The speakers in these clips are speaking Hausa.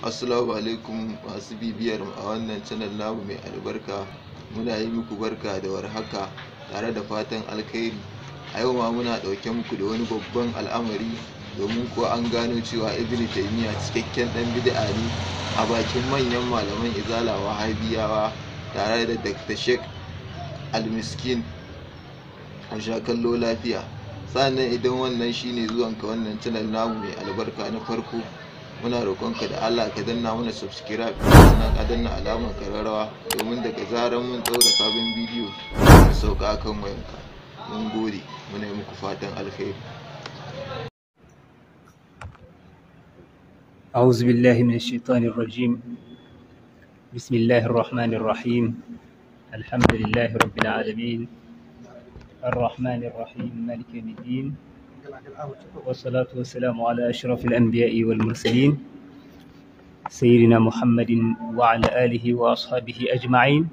assalamu alaikum masu bibiyar a wannan channel namu mai albarka muna yi muku barka da warhaka tare da fatan alkhairi a yau ma muna ɗauke muku da wani babban al'amari domin ko an gano cewa ibn taymiya cikakken ɗan bid'a ne a bakin manyan malaman izala wahabiyawa tare da dr sheikh almiskin a sha kallo lafiya sannan idan wannan shine zuwanka wannan channel namu mai albarka na farko muna roƙonka da Allah ka danna mana subscribe sannan ka danna alamar kararrawa domin daga zarar mun ɗaura sabon bidiyo ka sauka kan wayanka mun gode muna yi muku fatan alheri أعوذ بالله من الشيطان الرجيم بسم الله الرحمن الرحيم الحمد لله رب العالمين الرحمن الرحيم مالك يوم الدين والصلاة والسلام على أشرف الأنبياء والمرسلين سيدنا محمد وعلى آله وأصحابه أجمعين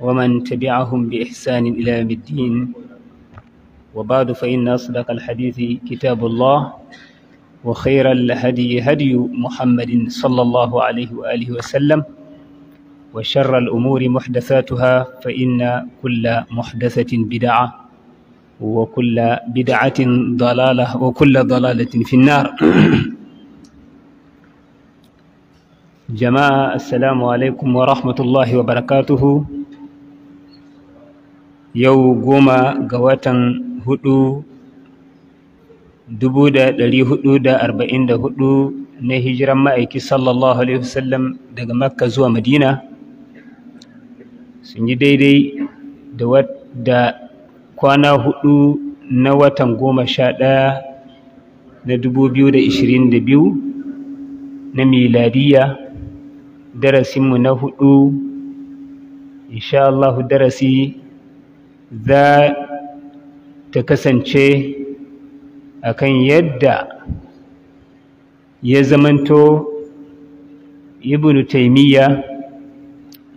ومن تبعهم بإحسان إلى يوم الدين وبعد فإن أصدق الحديث كتاب الله وخير الهدي هدي محمد صلى الله عليه وآله وسلم وشر الأمور محدثاتها فإن كل محدثة بدعة وكل بدعة ضلالة وكل ضلالة في النار جماعة السلام عليكم ورحمة الله وبركاته يو قوما قواتا هدو dubu da ɗari hudu da arba'in da hudu na hijiran ma'aiki sallallahu alaihi wasallam daga makka zuwa madina sun yi daidai da kwana hudu na watan goma sha ɗaya na dubu biyu da ishirin da biyu na miladiya darasinmu na hudu insha Allahu darasi za ta kasance kan yadda ya zamanto ibnu taimiyya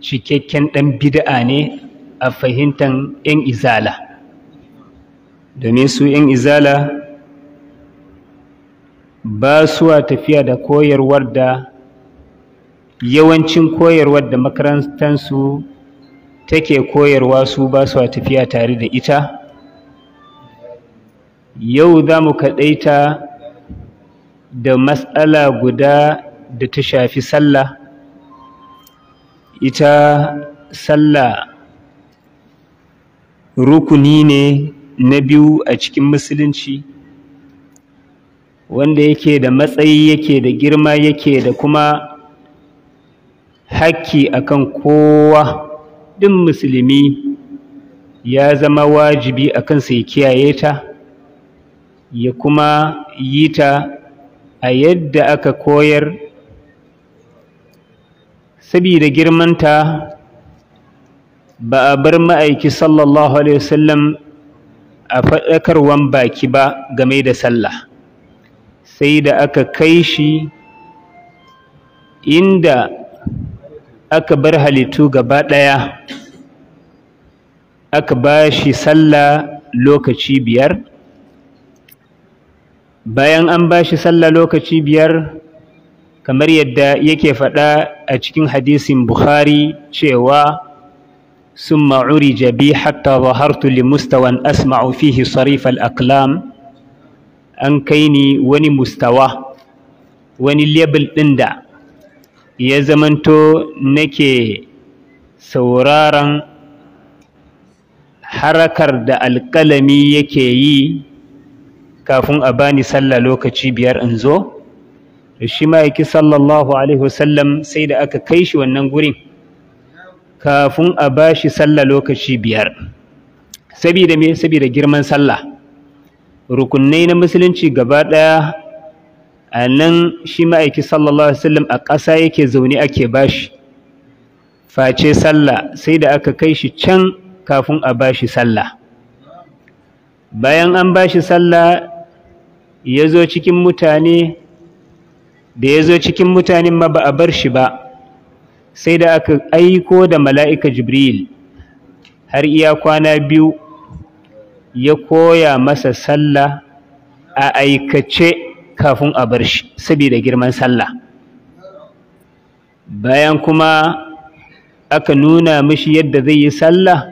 cikakken ɗan bid'a ne a fahimtar 'yan izala domin su ‘yan izala ba suwa tafiya da koyarwar da yawancin koyarwar da makarantansu take koyarwa su ba suwa tafiya tare da ita yau za mu kaɗaita da matsala guda da ta shafi sallah ita sallah rukuni ne na biyu a cikin musulunci wanda yake da matsayi yake da girma yake da kuma hakki akan kowa ɗin musulmi ya zama wajibi a kansa ya kiyaye ta ya kuma yi ta a yadda aka koyar saboda girmanta ba a bar ma'aiki sallallahu alaihi wasallam a faɗakarwan baki ba game da sallah sai da aka kai shi inda aka bar halittu gaba ɗaya aka ba shi sallah lokaci biyar bayan an ba shi sallah lokaci biyar kamar yadda yake faɗa a cikin hadisin bukhari cewa ثم عرج بي حتى ظهرت لمستوى أسمع فيه صريف الأقلام an kai ni wani mustawa wani label ɗin da ya zamanto nake sauraron harakar da alƙalami yake yi kafin a bani sallah lokaci biyar in zo shi ma'aiki sallallahu alaihi wasallam sai da aka kai shi wannan gurin kafin a bashi sallah lokaci biyar saboda me saboda girman sallah rukunai na musulunci gaba ɗaya a nan shi ma'aiki sallallahu alaihi wasallam a ƙasa yake zaune ake bashi face sallah sai da aka kai shi can kafin a bashi sallah bayan an bashi sallah ya cikin mutane da ya zo cikin mutanen ma ba a bar shi ba sai da aka aiko da mala'ika jibril har iya kwana biyu ya koya masa sallah a aikace kafin a bar shi saboda girman sallah bayan kuma aka nuna mishi yadda zai yi sallah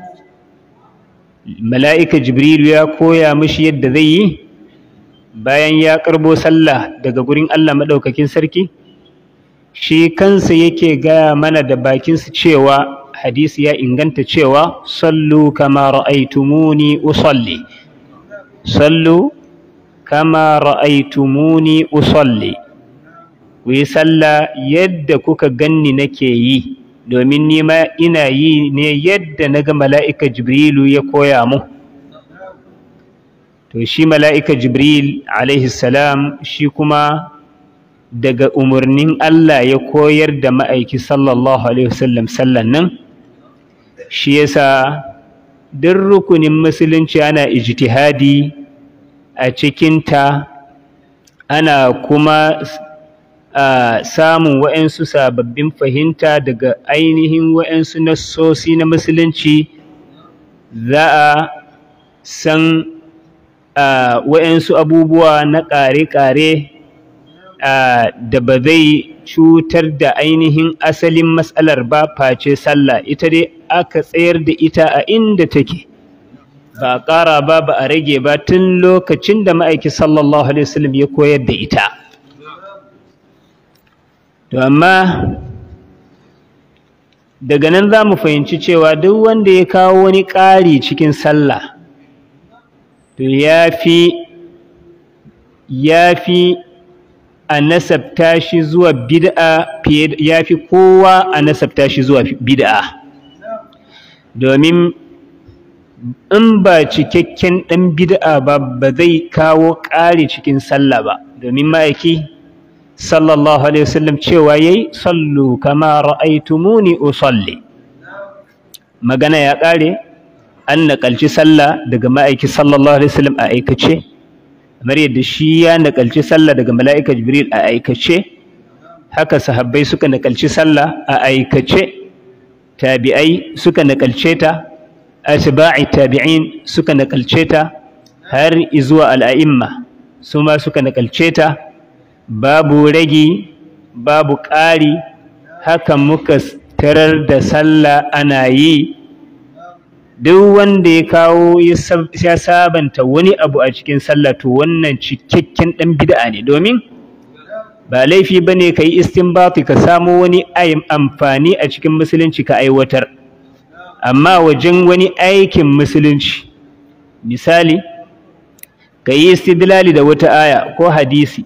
mala'ika jibril ya koya mishi yadda zai yi bayan ya karbo sallah daga gurin Allah maɗaukakin sarki shi kansa yake gaya mana da bakinsu cewa hadisi ya inganta cewa sallu kama ra'aitumuni usalli sallu kama ra'aitumuni usalli wi salla sallah yadda kuka ganni nake yi domin nima ina yi ne yadda naga mala'ika jibrilu ya koya mu to shi mala'ika jibril alaihi salam shi kuma daga umarnin Allah ya koyar da ma'aiki sallallahu alaihi wasallam sallan nan shi yasa duk rukunin musulunci ana ijtihadi a cikinta ana kuma samun wa'ansu sababbin fahimta daga ainihin na nassosi na musulunci za a san wa'ansu abubuwa na ƙare-ƙare da ba zai cutar da ainihin asalin matsalar ba face sallah ita dai aka tsayar da ita a inda take ba a ƙara ba ba a rage ba tun lokacin da ma'aiki sallallahu alaihi wasallam ya koyar da ita to amma daga nan za mu fahimci cewa duk wanda ya kawo wani ƙari cikin sallah to ya fi ya fi a nasabta shi zuwa bid'a ya fi kowa a nasabta shi zuwa bid'a domin in ba cikakken ɗan bid'a ba ba zai kawo ƙari cikin sallah ba domin ma'aiki sallallahu alaihi wasallam cewa yayi sallu kama ra'aitumuni usalli magana ya ƙare an naƙalci sallah daga ma'aiki sallallahu alaihi wasallam a aikace kamar yadda shi ya nakalci sallah daga mala'ika jibril a aikace haka sahabbai suka nakalci sallah a aikace tabi'ai suka nakalce ta asba'i tabi'in suka nakalce ta har izuwa al'a'imma su ma suka nakalce ta babu ragi babu ƙari haka muka tarar da sallah ana yi duk wanda ya kawo ya sabanta wani abu a cikin sallah to wannan cikakken dan bid'a ne domin ba laifi bane kai istinbati ka samo wani amfani a cikin musulunci ka aiwatar amma wajen wani aikin musulunci misali ka yi istidlali da wata aya ko hadisi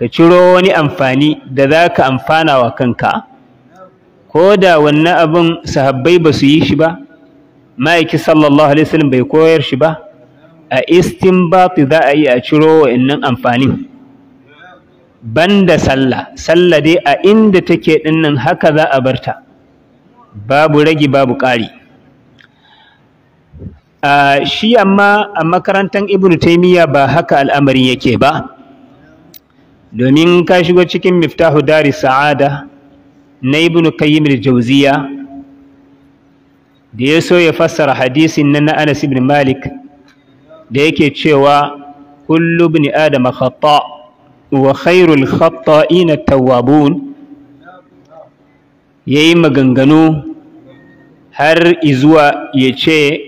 ka ciro wani amfani da za ka amfana wa kanka ko da wannan abin sahabbai ba su yi shi ba ma'aiki sallallahu alaihi wasallam bai koyar shi ba a istinbati za a yi a ciro wa'annan amfanin banda sallah sallah dai a inda take dinnan haka za a barta babu ragi babu ƙari shi amma a makarantar ibnu taimiyya ba haka al'amarin yake ba domin ka shigo cikin miftahu dari sa'ada na ibnu qayyim al-jawziya da ya so ya fassara hadisin nan na Anas ibn Malik da yake cewa kullu ibn adam khata wa khairul khata'in at-tawwabun yayi maganganu har izuwa yace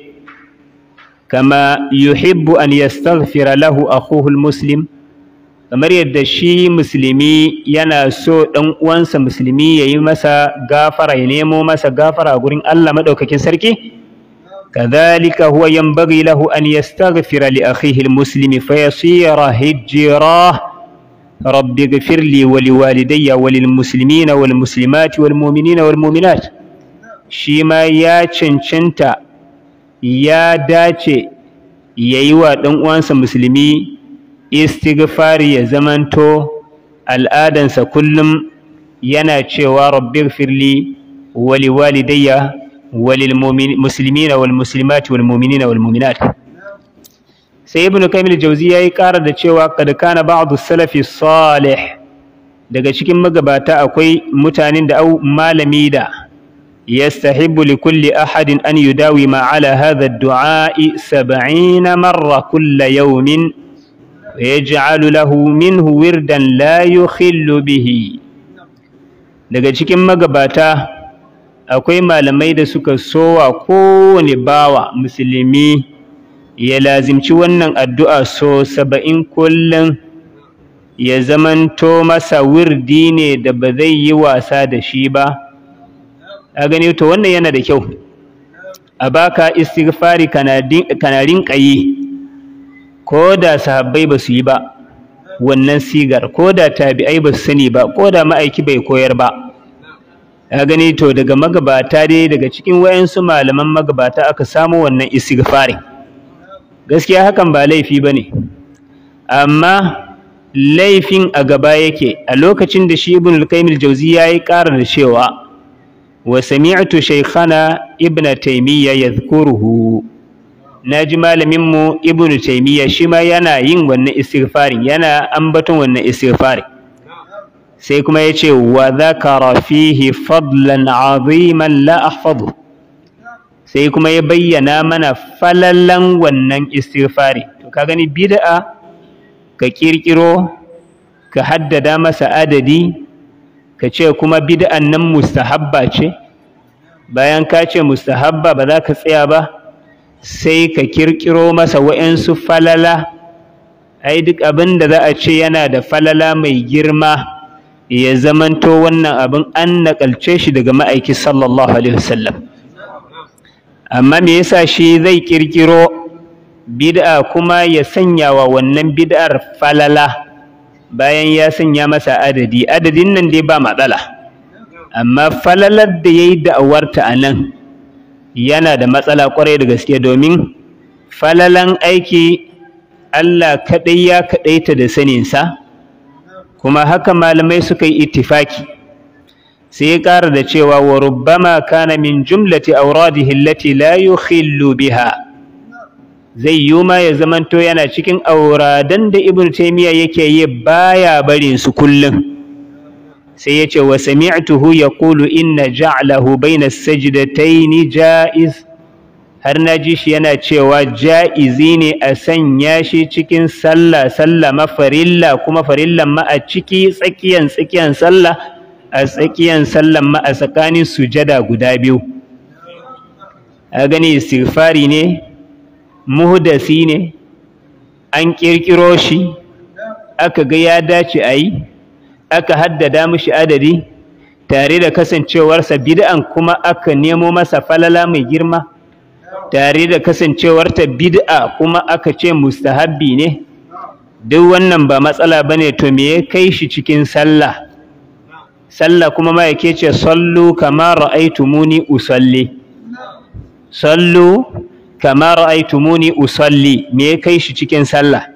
kama yuhibbu an yastaghfira lahu akhuhu al-muslim kamar yadda shi musulmi yana so ɗan uwansa musulmi ya yi masa gafara ya nemo masa gafara a gurin Allah maɗaukakin sarki كذلك هو ينبغي له أن يستغفر لأخيه المسلم فيصير هجراه رب اغفر لي ولوالدي وللمسلمين والمسلمات والمؤمنين والمؤمنات شيما يا چنچنتا يا داچه يايوا دان uwansa musulmi istighfari ya zamanto al'adansa kullum yana cewa rabbighfirli wa liwalidayya wa musulmina wal musulmati wal mu'minina wal mu'minat sai ibnu kaimil jauzi yi ƙara da cewa kad kana ba'du salafi salih daga cikin magabata akwai mutanen da au malami da يستحب لكل أحد أن يداوم على هذا الدعاء سبعين مرة كل يوم ويجعل له منه وردا لا يخل به daga cikin magabata akwai malamai da suka sowa kowane bawa musulmi ya lazimci wannan addu'a so saba'in kullun ya zamanto masa wirdi ne da ba zai yi wasa da shi ba a gani to wannan yana da kyau a baka istighfari kana rinƙa yi ko da sahabbai ba su yi ba wannan sigar ko da tabi'ai ba su sani ba ko da ma'aiki bai koyar ba ya gani to daga magabata dai daga cikin wayansu malaman magabata aka samu wannan istighfarin gaskiya hakan ba laifi ba ne amma laifin a gaba yake a lokacin da shi ibn al-qayyim al yi ƙara da cewa wa sami'tu shaykhana ibn taymiyya yadhkuruhu na ji malaminmu ibnu taimiyya shi ma yana yin wannan istighfarin yana ambaton wannan istighfarin sai kuma ya ce wa zakara fihi fadlan aziman la ahfadu sai kuma ya bayyana mana falalan wannan istighfari to ka gani bid'a ka kirkiro ka haddada masa adadi ka ce kuma bid'an nan mustahabba ce bayan ka ce mustahabba ba za ka tsaya ba sai ka kirkiro masa waɗansu falala ai duk abin da za a ce yana da falala mai girma ya zamanto wannan abin an naƙalce shi daga ma'aiki sallallahu alaihi wasallam amma me yasa shi zai kirkiro bid'a kuma ya sanya wa wannan bid'ar falala bayan ya sanya masa adadi adadin nan dai ba matsala amma falalar da ya yi da'awarta a nan yana da matsala ƙwarai da gaske domin falalan aiki Allah kaɗai ya kaɗaita da saninsa kuma haka malamai suka yi ittifaki sai ya ƙara da cewa wa rubbama kana min jumlati auradihi allati la yukhillu biha zai yi ma ya zamanto yana cikin auradan da ibn taymiya yake yi baya barin su kullum sai ya ce wa ya kulu inna ja'lahu baina sajdataini ja'iz har na ji shi yana cewa ja'izi ne a sanya shi cikin sallah sallah mafarilla kuma farillan ma a ciki tsakiyan tsakiyan sallah a tsakiyan sallah ma a tsakanin sujada guda biyu a gani istighfari ne muhdasi ne an kirkiro shi aka ga ya dace a yi aka haddada mishi adadi tare da kasancewarsa bid'an kuma aka nemo masa falala mai girma tare da kasancewarta bid'a kuma aka ce mustahabbi ne duk wannan ba matsala bane to me ya kai shi cikin sallah sallah kuma ma yake ce sallu kama ra'aytumuni usalli sallu kama ra'aytumuni usalli me ya kai shi cikin sallah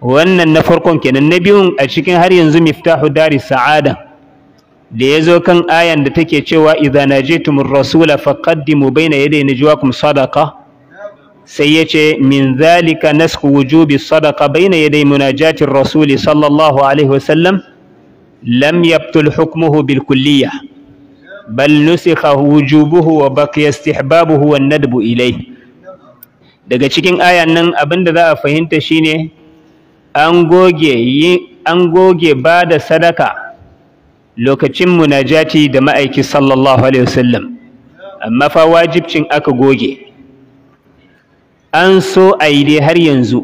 wannan na farkon kenan na biyun a cikin har yanzu miftahu dari sa'ada da ya zo kan ayan da take cewa idza najaytumur rasula faqaddimu bayna yaday najwaakum sadaqa sai yace min zalika nasxu wujubi sadaqa bayna yaday munajati rasuli sallallahu alaihi wasallam lam yabtul hukmuhu bil kulliyah bal nusikha wujubuhu wa baqiya istihbabuhu wan nadbu ilayhi daga cikin ayan nan abinda za a fahimta shine an goge yi an goge ba da sadaka lokacin munajati da ma'aiki sallallahu alaihi wasallam amma fa wajibcin aka goge an so a yi dai har yanzu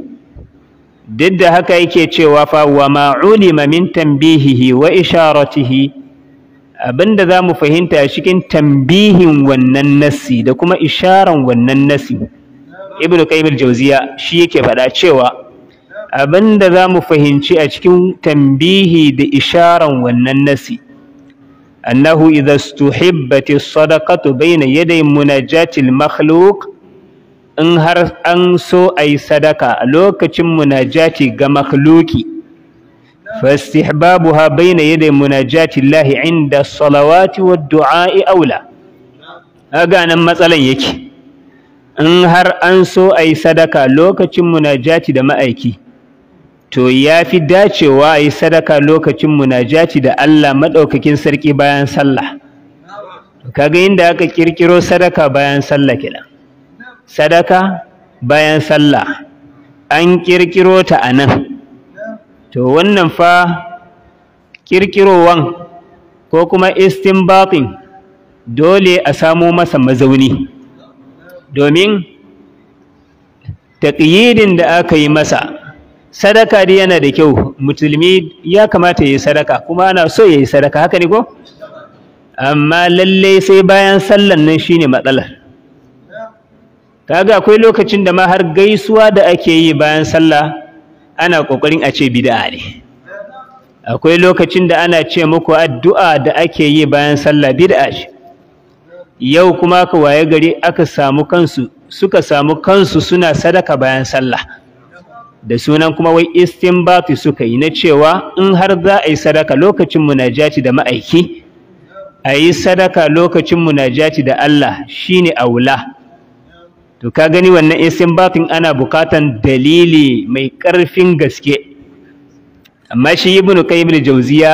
duk da haka yake cewa fa wa ma min tanbihihi wa isharatihi abinda za mu fahimta cikin tambihin wannan nasi da kuma isharan wannan nasi ibnu qayyim Jauziya shi yake faɗa cewa abin da za mu fahimci a cikin tambihi da isharan wannan nasi annahu idza stuhibbat as-sadaqatu bayna yaday munajati al in har an so ai sadaka a lokacin munajati ga makhluki fastihbabuha bayna yaday munajati Allah inda as-salawati wad-du'a aula kaga nan matsalan yake in har an so ai sadaka lokacin munajati da ma'aiki to ya fi dacewa a yi sadaka lokacin munajaci da Allah maɗaukakin sarki bayan sallah kaga inda aka ƙirƙiro sadaka bayan sallah kenan sadaka bayan sallah an ƙirƙiro ta a nan to wannan fa ƙirƙirowan ko kuma istinbatin dole a samo masa mazauni domin taƙiyidin da aka yi masa sadaka dai yana da kyau musulmi ya kamata ya yi sadaka kuma ana so ya yi sadaka haka ne ko amma lalle sai bayan sallan nan shine matsalar kaga akwai lokacin da ma har gaisuwa da ake yi bayan sallah ana kokarin a ce bid'a ne akwai lokacin da ana ce muku addu'a da ake yi bayan sallah bid'a ce yau kuma ka waye gari aka samu kansu suka samu kansu suna sadaka bayan sallah da sunan kuma wai istinbati suka yi na cewa in har za a yi sadaka lokacin munajati da ma'aiki a yi sadaka lokacin munajati da Allah shine aula to ka gani wannan istinbatin ana bukatan dalili mai ƙarfin gaske amma shi ibnu qayyim al-jawziya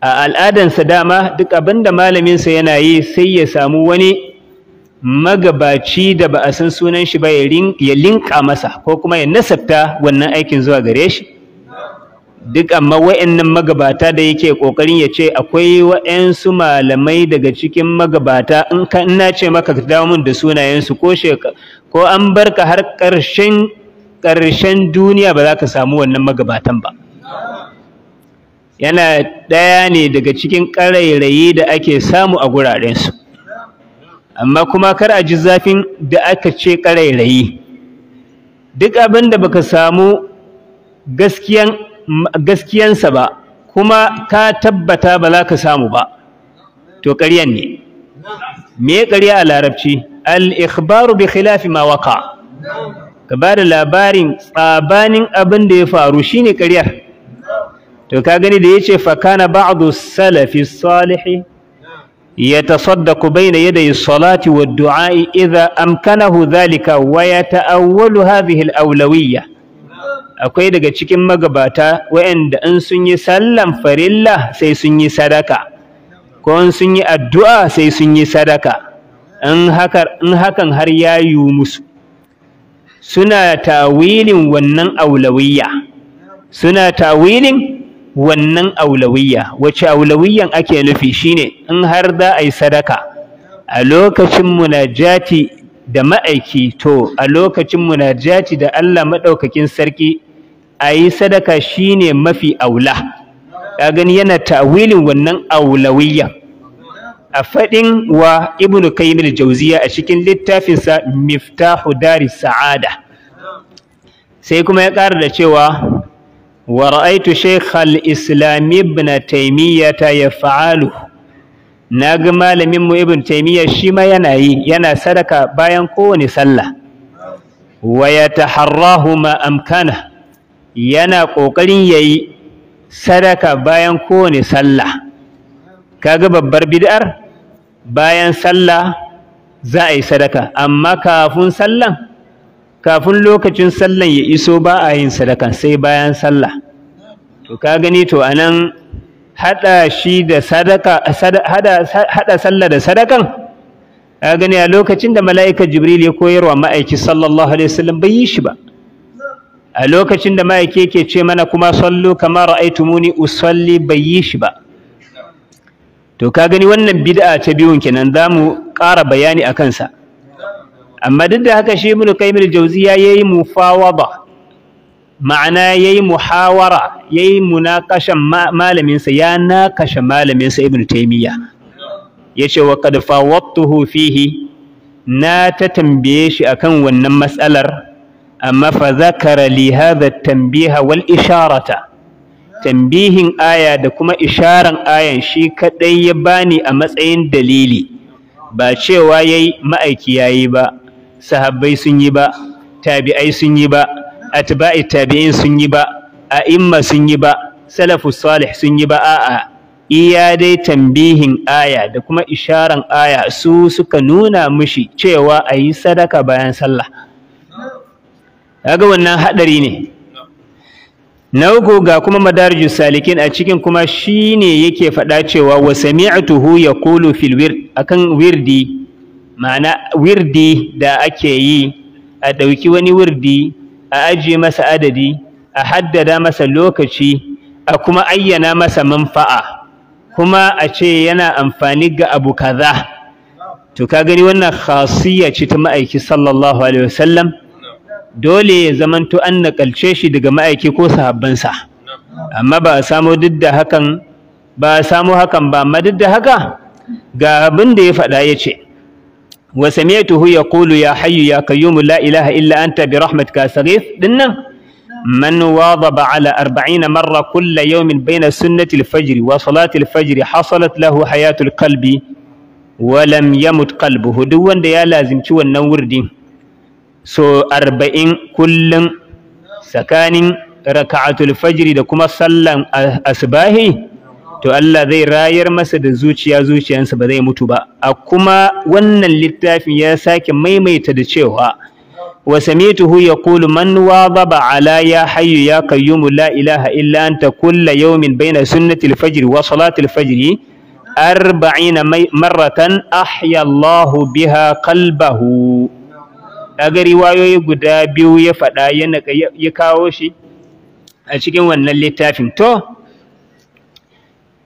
a al'adansa dama duk abinda malamin sa yana yi sai ya samu wani magabaci da ba a san sunan shi ba ya linka masa ko kuma ya nasabta wannan aikin zuwa gare shi duk amma wa'annan magabata da yake kokarin ya ce akwai wa'ansu malamai daga cikin magabata in ka ina ce maka ka dawo mun da sunayensu ko ko an barka har ƙarshen ƙarshen duniya ba za ka samu wannan magabatan ba yana ɗaya ne daga cikin karairayi da ake samu a su. amma kuma kar a ji zafin da aka ce ƙarairayi duk abin da baka samu gaskiyansa ba kuma ka tabbata ba za ka samu ba to ƙaryan ne me ƙarya a larabci al-ikhbaru bi khilafi ma waka ka ba da labarin tsabanin abin da ya faru shine ƙaryar to ka gani da yace fa kana ba'du salafi salihi Ya يتصدق بين يدي الصلاة والدعاء إذا أمكنه ذلك ويتأول هذه aulawiyya. akwai daga cikin magabata waɗanda in sun yi sallan farilla sai sun yi sadaka ko in sun yi addu'a sai sun yi sadaka in hakan har ya yiwu musu suna tawilin wannan aulawiyya suna tawilin wannan aulawiyya wace aulawiyyan ake nufi shine in har za a yi sadaka a lokacin munajati da ma'aiki to a lokacin munajati da Allah maɗaukakin sarki a yi sadaka shine mafi aula ka gani yana ta'wilin wannan aulawiyya a faɗin wa ibnu Kaimir jauziya a cikin littafinsa miftahu daris sa'ada sai kuma ya ƙara da cewa ورأيت شيخ الإسلام ابن تيمية يفعله ناغ مالمين مو ابن تيمية yana يناي ينا صدقة باين كوني صلى ويتحراه ما أمكانه yana ƙoƙarin ya yi sadaka bayan kowane sallah kaga babbar bid'ar bayan sallah za a yi sadaka amma kafin sallan kafin lokacin sallan ya iso ba a yin sadaka sai bayan sallah to ka gani to anan hada shi da sadaka hada hada sallah da sadakan ka gani a lokacin da mala'ika jibril ya koyarwa ma'aiki sallallahu alaihi wasallam bai yi shi ba a lokacin da ma'aiki yake ce mana kuma sallu kama ra'aytumuni usalli bai yi shi ba to ka gani wannan bid'a ta biyun kenan zamu ƙara bayani akan sa amma duk da haka shi ibn qayyim jauziya ya yayi mufawada ma'ana yayi muhawara yayi yi malamin sa ya nakasha malamin sa ibn Ya yace wa qad wattuhu fihi na ta tambaye shi akan wannan matsalar amma fa zakara li hadha tanbiha wal isharata tambihin aya da kuma isharan ayan shi kadai ya bani a matsayin dalili ba cewa yayi ma'aiki yayi ba sahabbai sun yi ba tabi'ai sun yi ba atba'i tabi'in sun yi ba a'imma sun yi ba salafu salih sun yi ba a'a iya dai tambihin aya da kuma isharan aya su suka nuna mishi cewa a yi sadaka bayan sallah kaga wannan hadari ne na uku ga kuma Madarju salikin a cikin kuma shine yake faɗa cewa wa sami'tuhu yaqulu fil wird akan wirdi ma'ana wirdi da ake yi a ɗauki wani wirdi a ajiye masa adadi a haddada masa lokaci a kuma ayyana masa manfa'a kuma a ce yana amfani ga abu kaza to ka gani wannan khasiyya ce ta ma'aiki sallallahu alaihi wasallam dole ya zamanto an nakalce shi daga ma'aiki ko sahabbansa amma ba a samu duk da hakan ba a samu hakan ba amma duk da haka ga abin da ya faɗa ya ce وسمعته يقول يا حي يا قيوم لا إله إلا أنت برحمتك أستغيث دنا من واظب على أربعين مرة كل يوم بين سنة الفجر وصلاة الفجر حصلت له حياة القلب ولم يمت قلبه دو وند يا لازم شو النور دي سو أربعين كل سكان ركعة الفجر دكما صلى أسباهي to Allah zai rayar masa da zuciya zuciyansa ba zai mutu ba a kuma wannan littafin ya sake maimaita da cewa wa samituhu yaqulu man wadaba ala ya hayyu ya qayyumu la ilaha illa anta kulla yawmin baina sunnati al-fajr wa salati al-fajr 40 marratan ahya Allahu biha qalbahu kaga riwayoyi guda biyu ya faɗa ya kawo shi a cikin wannan littafin to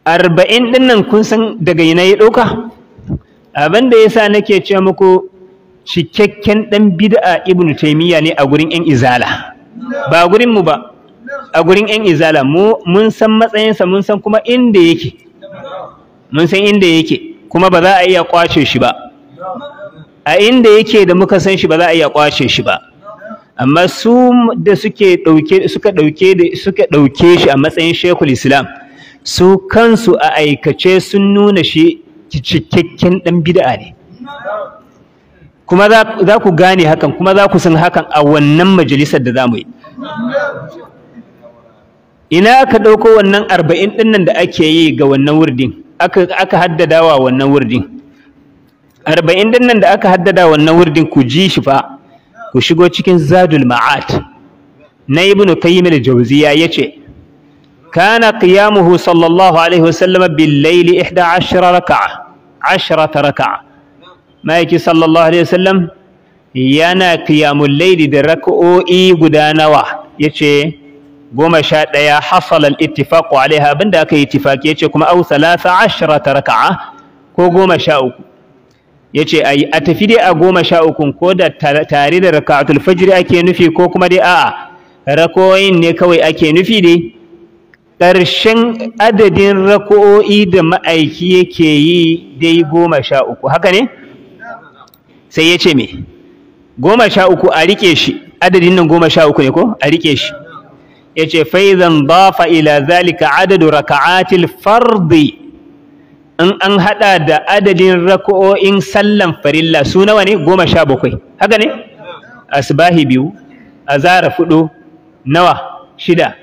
arba'in ɗin nan kun san daga ina ya ɗauka abin da ya sa nake ce muku cikakken ɗan bid'a ibnu taimiyya ne a gurin 'yan izala ba gurin mu ba a gurin 'yan izala mu mun san matsayinsa mun san kuma inda yake mun san inda yake kuma ba za a iya kwace shi ba a inda yake da muka san shi ba za a iya kwace shi ba amma su da suke suka ɗauke suka ɗauke shi a matsayin shekul islam su kansu a aikace sun nuna shi cikakken ɗan bid'a ne kuma za ku gane hakan kuma za ku san hakan a wannan majalisar da za mu yi ina aka ɗauko wannan arba'in ɗin nan da ake yi ga wannan wurdin aka haddada wa wannan wurdin arba'in ɗin nan da aka haddada wannan wurdin ku ji shi fa ku shigo cikin zadul ma'at na ibnu qayyim al-jawziya yace كان قيامه صلى الله عليه وسلم بالليل إحدى عشر ركعة عشرة ركعة ما يجي صلى الله عليه وسلم يانا قيام الليل درك أوئي قدانوا يجي قوم شاد يا حصل الاتفاق عليها بندك اتفاق كما أو ثلاثة عشرة ركعة قوم شاوك yace ai a tafi dai a goma sha ukun ko da tare da raka'atul fajr ake nufi ko kuma dai a'a rakoyin ne kawai ake nufi dai ƙarshen adadin rako'o'i da ma'aiki yake yi dai goma sha uku haka ne sai ya ce me goma sha uku a riƙe shi adadin nan goma sha uku ne ko a riƙe shi ya ce faizan dafa ila zalika adadu raka'atil fardi in an haɗa da adadin rako'o'in sallan farilla su nawa ne goma sha bakwai haka ne asibahi biyu a zara fudu nawa shida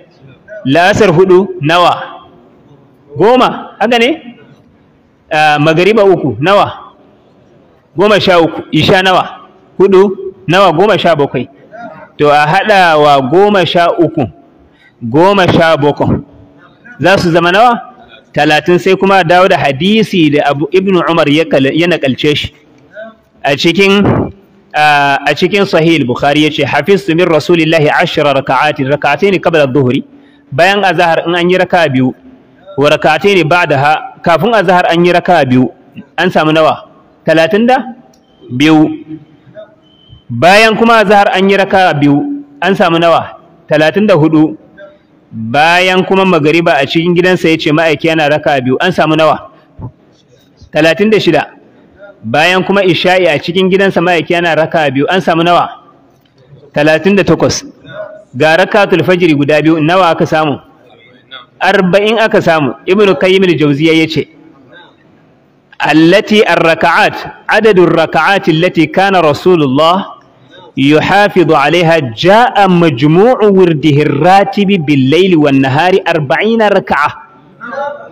la'asar hudu nawa goma haka ne ah, magariba uku nawa goma sha uku isha nawa hudu nawa goma sha bakwai to a haɗa wa goma sha uku goma sha bakwai za su zama nawa talatin sai kuma dawo da hadisi da abu ibn umar ya nakalce shi a cikin ah, a cikin sahih bukhari yace hafiz min rasulillahi ashra raka'atin raka'atayn qabla adh-dhuhri bayan azahar in an yi raka biyu wa rakatai ne ba da ha kafin azahar an yi raka biyu an samu nawa talatin da biyu bayan kuma azahar an yi raka biyu an samu nawa talatin da hudu bayan kuma magariba a cikin gidansa ya ce ma'aiki yana raka biyu an samu nawa talatin da shida bayan kuma isha'i a cikin gidansa ma'aiki yana raka biyu an samu nawa talatin da takwas ga rakatul fajiri guda biyu nawa aka samu 40 aka samu ibnu kayyim al-jawziyya yace allati ar-rak'at adadur rak'at allati kana rasulullah yuhafidu 'alayha ja'a majmu'u wirdihi ar-ratib bil-layli wan-nahari arbaina raka'a.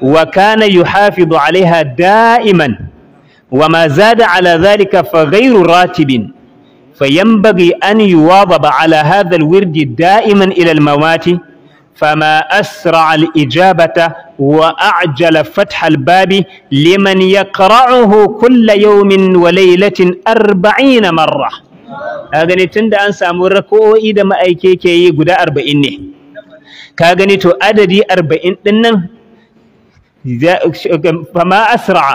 wa kana yuhafidu 'alayha da'iman wa maza da 'ala zalika fa ratibin فينبغي أن يواظب على هذا الورد دائما إلى الموات فما أسرع الإجابة وأعجل فتح الباب لمن يقرعه كل يوم وليلة أربعين مرة هذا نتند أن سامور ركوه إذا ما أيكيكي قد أربعيني كاغني تو أددي أربعين لنن فما أسرع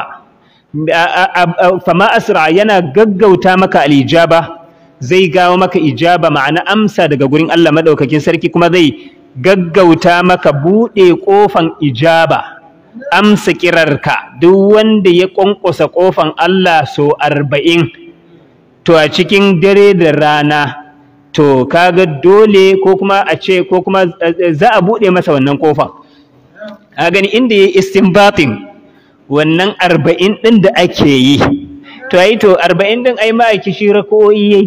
فما أسرع ينا قد قوتامك الإجابة zai gawo maka ijaba ma'ana amsa daga gurin Allah madaukakin sarki kuma zai gaggauta maka buɗe ƙofan ijaba amsa kirarka duk wanda ya ƙwanƙwasa ƙofan Allah so arba'in to a cikin dare da rana to kaga dole ko kuma a ce ko kuma eh, eh, za a buɗe masa wannan ƙofan a gani inda ya yi istinbatin wannan arba'in ɗin da ake yi to yi to arba'in ɗin ai ma'aiki shi rako'o'i yayi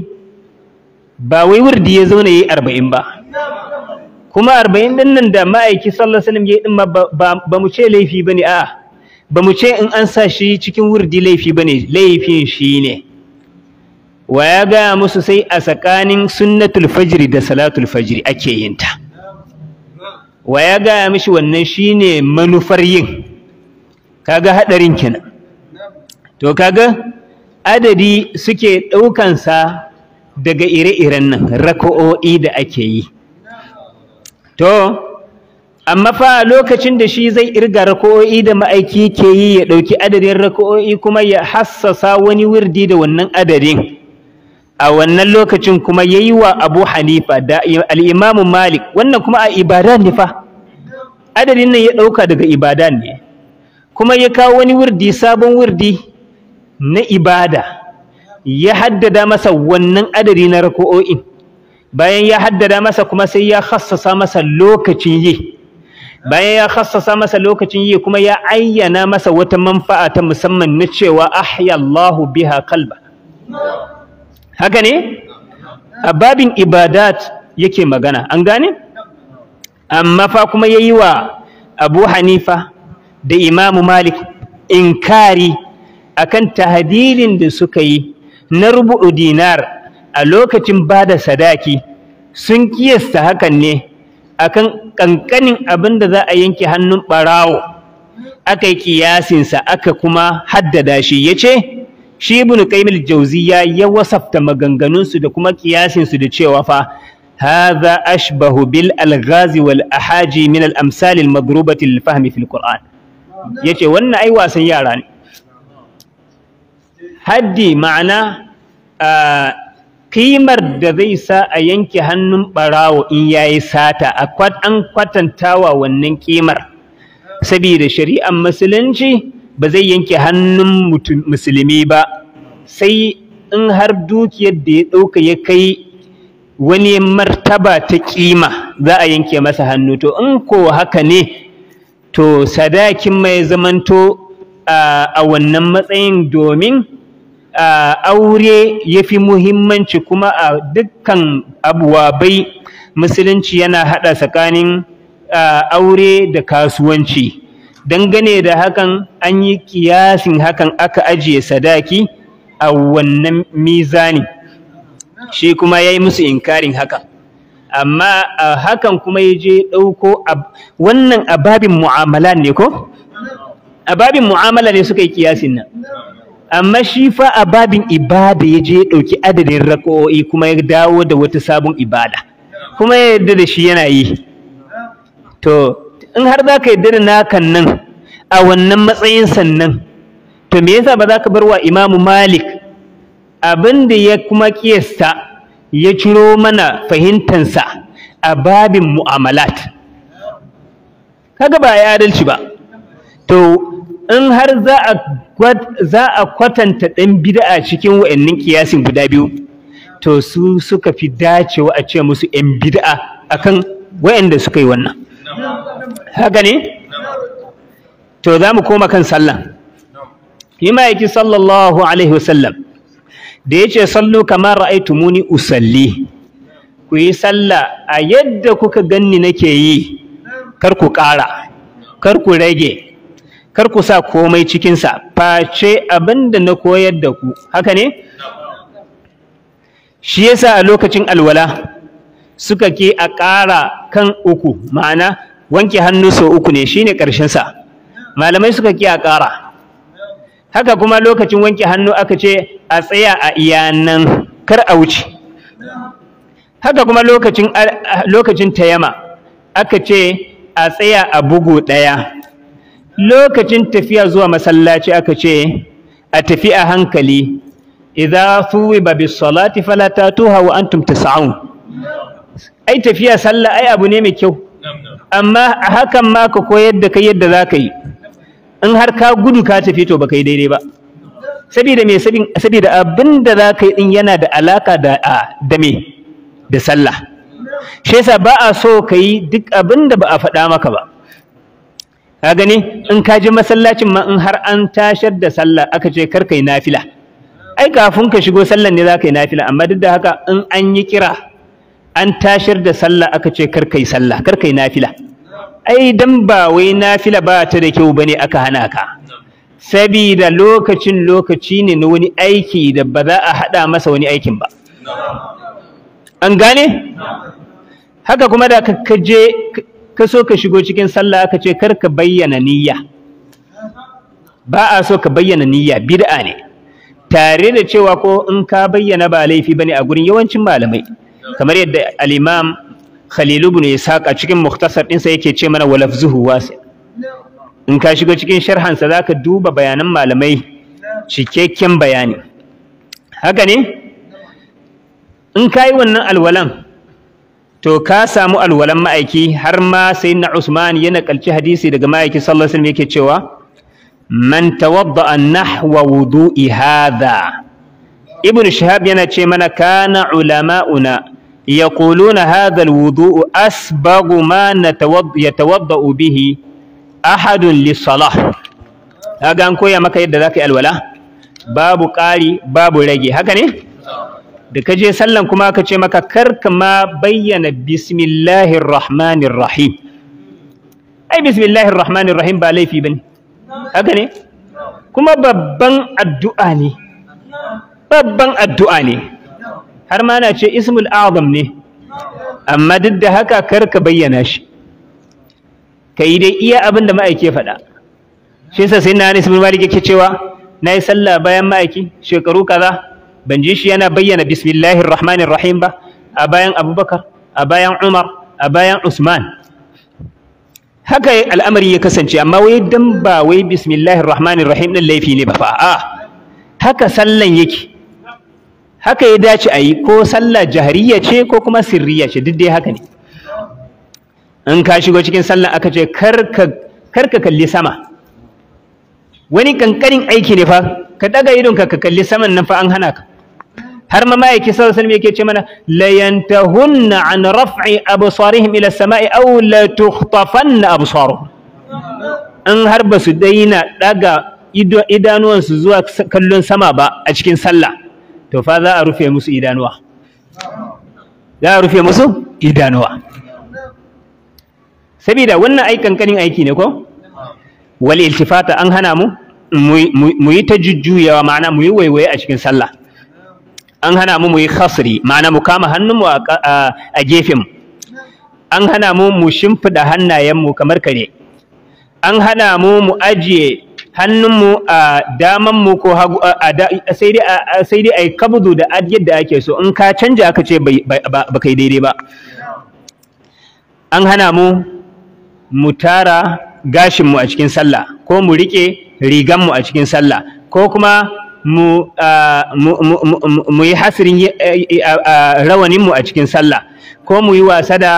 ba wai wurdi ya zauna yi yayi arba'in ba kuma arba'in din nan da ma'aiki sallallahu alaihi wasallam yayi din ma ba mu ce laifi bane a'a ba mu ce in an sa shi cikin wurdi laifi bane laifin shi ne wa ya gaya musu sai a tsakanin sunnatul fajri da salatul fajri ake yin ta wa ya gaya mishi wannan shine manufar yin kaga hadarin kenan to kaga adadi suke ɗaukansa daga ire-iren nan rako'o'i da ake yi to amma fa lokacin da shi zai irga rako'o'i da ma'aiki ke yi ya ɗauki adadin rako'o'i kuma ya hassasa wani wirdi da wannan adadin a wannan lokacin kuma ya yi wa abu hanifa da al'imamu malik wannan kuma a ibada ne fa adadin nan ya ɗauka daga ibada ne kuma ya kawo wani wurdi sabon wurdi na ibada ya haddada masa wannan adadi na rako'o'in bayan ya haddada masa kuma sai ya khassasa masa lokacin yi bayan ya khassasa masa lokacin yi kuma ya ayyana masa wata manfa'a ta musamman na cewa ahya Allahu biha qalba haka ne a babin ibadat yake magana an gane amma fa kuma yayi wa Abu Hanifa da Imam Malik inkari akan tahdilin da suka yi na rubu'u dinar a lokacin bada sadaki sun kiyasta hakan ne akan ƙanƙanin abin da za a yanke hannun ɓarawo, aka yi kiyasinsa aka kuma haddada shi ya ce shi ibn qayyim jauziya jawziya ya wasafta maganganunsu da kuma ƙiyasinsu da cewa fa hadha ashbahu bil alghazi wal ahaji min al amsal al madrubati lil fahmi qur'an wannan ai wasan yara ne haddi ma'ana kimar da zai sa a yanke hannun ɓarawo in ya yi sata a an kwatantawa wannan kimar saboda shari'ar musulunci ba zai yanke hannun musulmi ba sai in har dukiyar da ya ɗauka ya kai wani martaba ta kima za a yanke masa hannu to in ko haka ne to sadakin mai zamanto a wannan matsayin domin aure ya fi muhimmanci kuma a dukkan abuwabai musulunci yana haɗa tsakanin aure da kasuwanci dangane da hakan an yi kiyasin hakan aka ajiye sadaki a wannan mizani shi kuma ya yi musu inkarin hakan amma hakan kuma ya je ɗauko wannan ababin mu'amala ne ko ababin mu'amala ne suka yi kiyasin nan amma shi fa a babin ibada ya je ya ɗauki adadin raƙ'o'i kuma ya dawo da wata sabon ibada kuma ya yarda da shi yana yi to in har za ka yarda da nakan nan a wannan matsayin sannan to me yasa ba za ka bar wa imamu malik abin da ya kuma kiyasta ya ciro mana fahimtansa a babin mu'amalat kaga ba ya adalci ba to in har za a kwatanta ɗan bid'a cikin wa'annan kiyasin guda biyu to su suka fi dacewa a ce musu 'yan bid'a akan wa'anda suka yi wannan haka ne to za mu koma kan sallah ma yake sallallahu alaihi wasallam da yace sallo kamar ra'aitumuni usalli ku yi sallah a yadda kuka ganni nake yi kar ku ƙara kar ku rage kar ku sa komai cikinsa face abin da na koyar da ku haka ne shi yasa a lokacin alwala suka ke a ƙara kan uku ma'ana wanke hannu sau uku ne shine ƙarshensa malamai suka ke a ƙara haka kuma lokacin wanke hannu aka ce a tsaya a iya nan kar a wuce haka kuma lokacin lokacin tayama aka ce a tsaya a bugu ɗaya lokacin tafiya zuwa masallaci aka ce a tafi a hankali idza thuwiba bis salati fala tatuha wa antum tas'un ai tafiya sallah ai abu ne mai kyau amma a hakan ma ka koyar da kai yadda zaka yi in har ka gudu ka tafi to baka yi daidai ba saboda me saboda abinda zaka yi din yana da alaka da da me da sallah shi yasa ba a so ka yi duk abinda ba a faɗa maka ba ka gani in ka je masallacin ma in har an tashar da sallah aka ce kar kai nafila ai kafin ka shigo sallan ne za ka yi nafila amma duk da haka in an yi kira an tashar da sallah aka ce kar kai sallah kar kai nafila ai dan ba wai nafila ba ta da kyau bane aka hana ka sabida lokacin lokaci ne na wani aiki da ba za a hada masa wani aikin ba an gane haka kuma da ka je ka so ka shigo cikin sallah ka ce kar ka bayyana niyya ba a so ka bayyana niyya bid'a ne tare da cewa ko in ka bayyana ba laifi bane a gurin yawancin malamai kamar yadda al-imam Khalil ibn Ishaq a cikin mukhtasar sa yake ce mana walafzuhu wasi in ka shigo cikin sa zaka duba bayanan malamai cikakken bayani haka ne in kai wannan alwalan to ka samu alwalan ma'aiki har ma na Usman ya nakalci hadisi daga ma'aiki sallallahu alaihi wasallam yake cewa man tawadda'a nahwa wudu'i hadha ibn shahab yana ce mana kana ulama'una yaquluna hadha alwudu'u asbagu ma yatawadda'u bihi ahadun lisalah kaga an koya maka yadda zaka yi alwala babu ƙari babu rage haka ne da ka je sallan kuma aka ce maka karka ma bayyana bismillahir rahmanir rahim ai bismillahir rahmanir rahim ba laifi bane haka ne kuma babban addu'a ne babban addu'a ne har ma na ce ismul azam ne amma duk da haka karka bayyana shi ka yi dai iya abin da ma'aike faɗa shi yasa sai na Anas bin Malik yake cewa nayi sallah bayan ma'aiki shekaru kaza ban ji shi yana bayyana bismillahir rahim ba a bayan abubakar a bayan umar a bayan usman haka al'amari ya kasance amma wai dan ba wai bismillahir rahmani rahim din laifi ne ba fa a haka sallan yake haka ya dace a yi ko sallah jahariya ce ko kuma sirriya ce duk dai haka ne in ka shigo cikin sallan aka ce kar ka kalli sama wani kankanin aiki ne fa ka daga idonka ka kalli saman nan fa an hana ka har ma ma'aiki sallallahu alaihi yake ce mana la yantahunna an raf'i absarihim ila samai aw la tukhtafanna absaruhum in har ba su daina daga idanuwan su zuwa kallon sama ba a cikin sallah to fa za a rufe musu idanuwa za a rufe musu idanuwa sabida wannan ai kankanin aiki ne ko wal iltifata an hana mu mu yi ta jujjuyawa ma'ana mu yi waiwaye a cikin sallah an hana mu mu yi khasri ma'ana mu kama hannunmu a gefen an hana mu mu shimfiɗa hannayenmu kamar kare an hana mu mu ajiye hannunmu a damanmu ko sai dai a yi kabudu da yadda ake so in ka canja aka ce ba kai daidai ba an hana mu mu tara gashinmu a cikin sallah ko mu riƙe riganmu a cikin sallah ko kuma mu yi hasirin rawaninmu a cikin sallah ko mu yi wasa da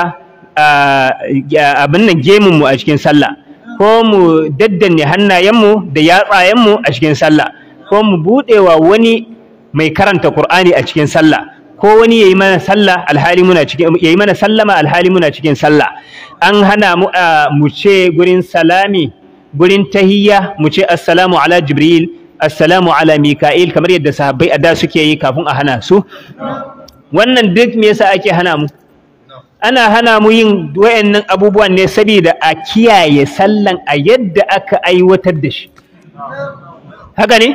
abin nan gemunmu a cikin sallah ko mu daddanne hannayenmu da yatsayenmu a cikin sallah ko mu buɗewa wani mai karanta Kur'ani a cikin sallah ko wani yayi mana sallah alhali muna cikin yayi mana sallama alhali muna cikin sallah an hana mu mu ce gurin salami gurin tahiyya mu ce assalamu ala jibril assalamu ala mika'il kamar yadda sahabbai a da suke yi kafin a hana su wannan duk me yasa ake hana mu ana hana mu yin wayannan abubuwan ne saboda a kiyaye sallan a yadda aka aiwatar da shi haka ne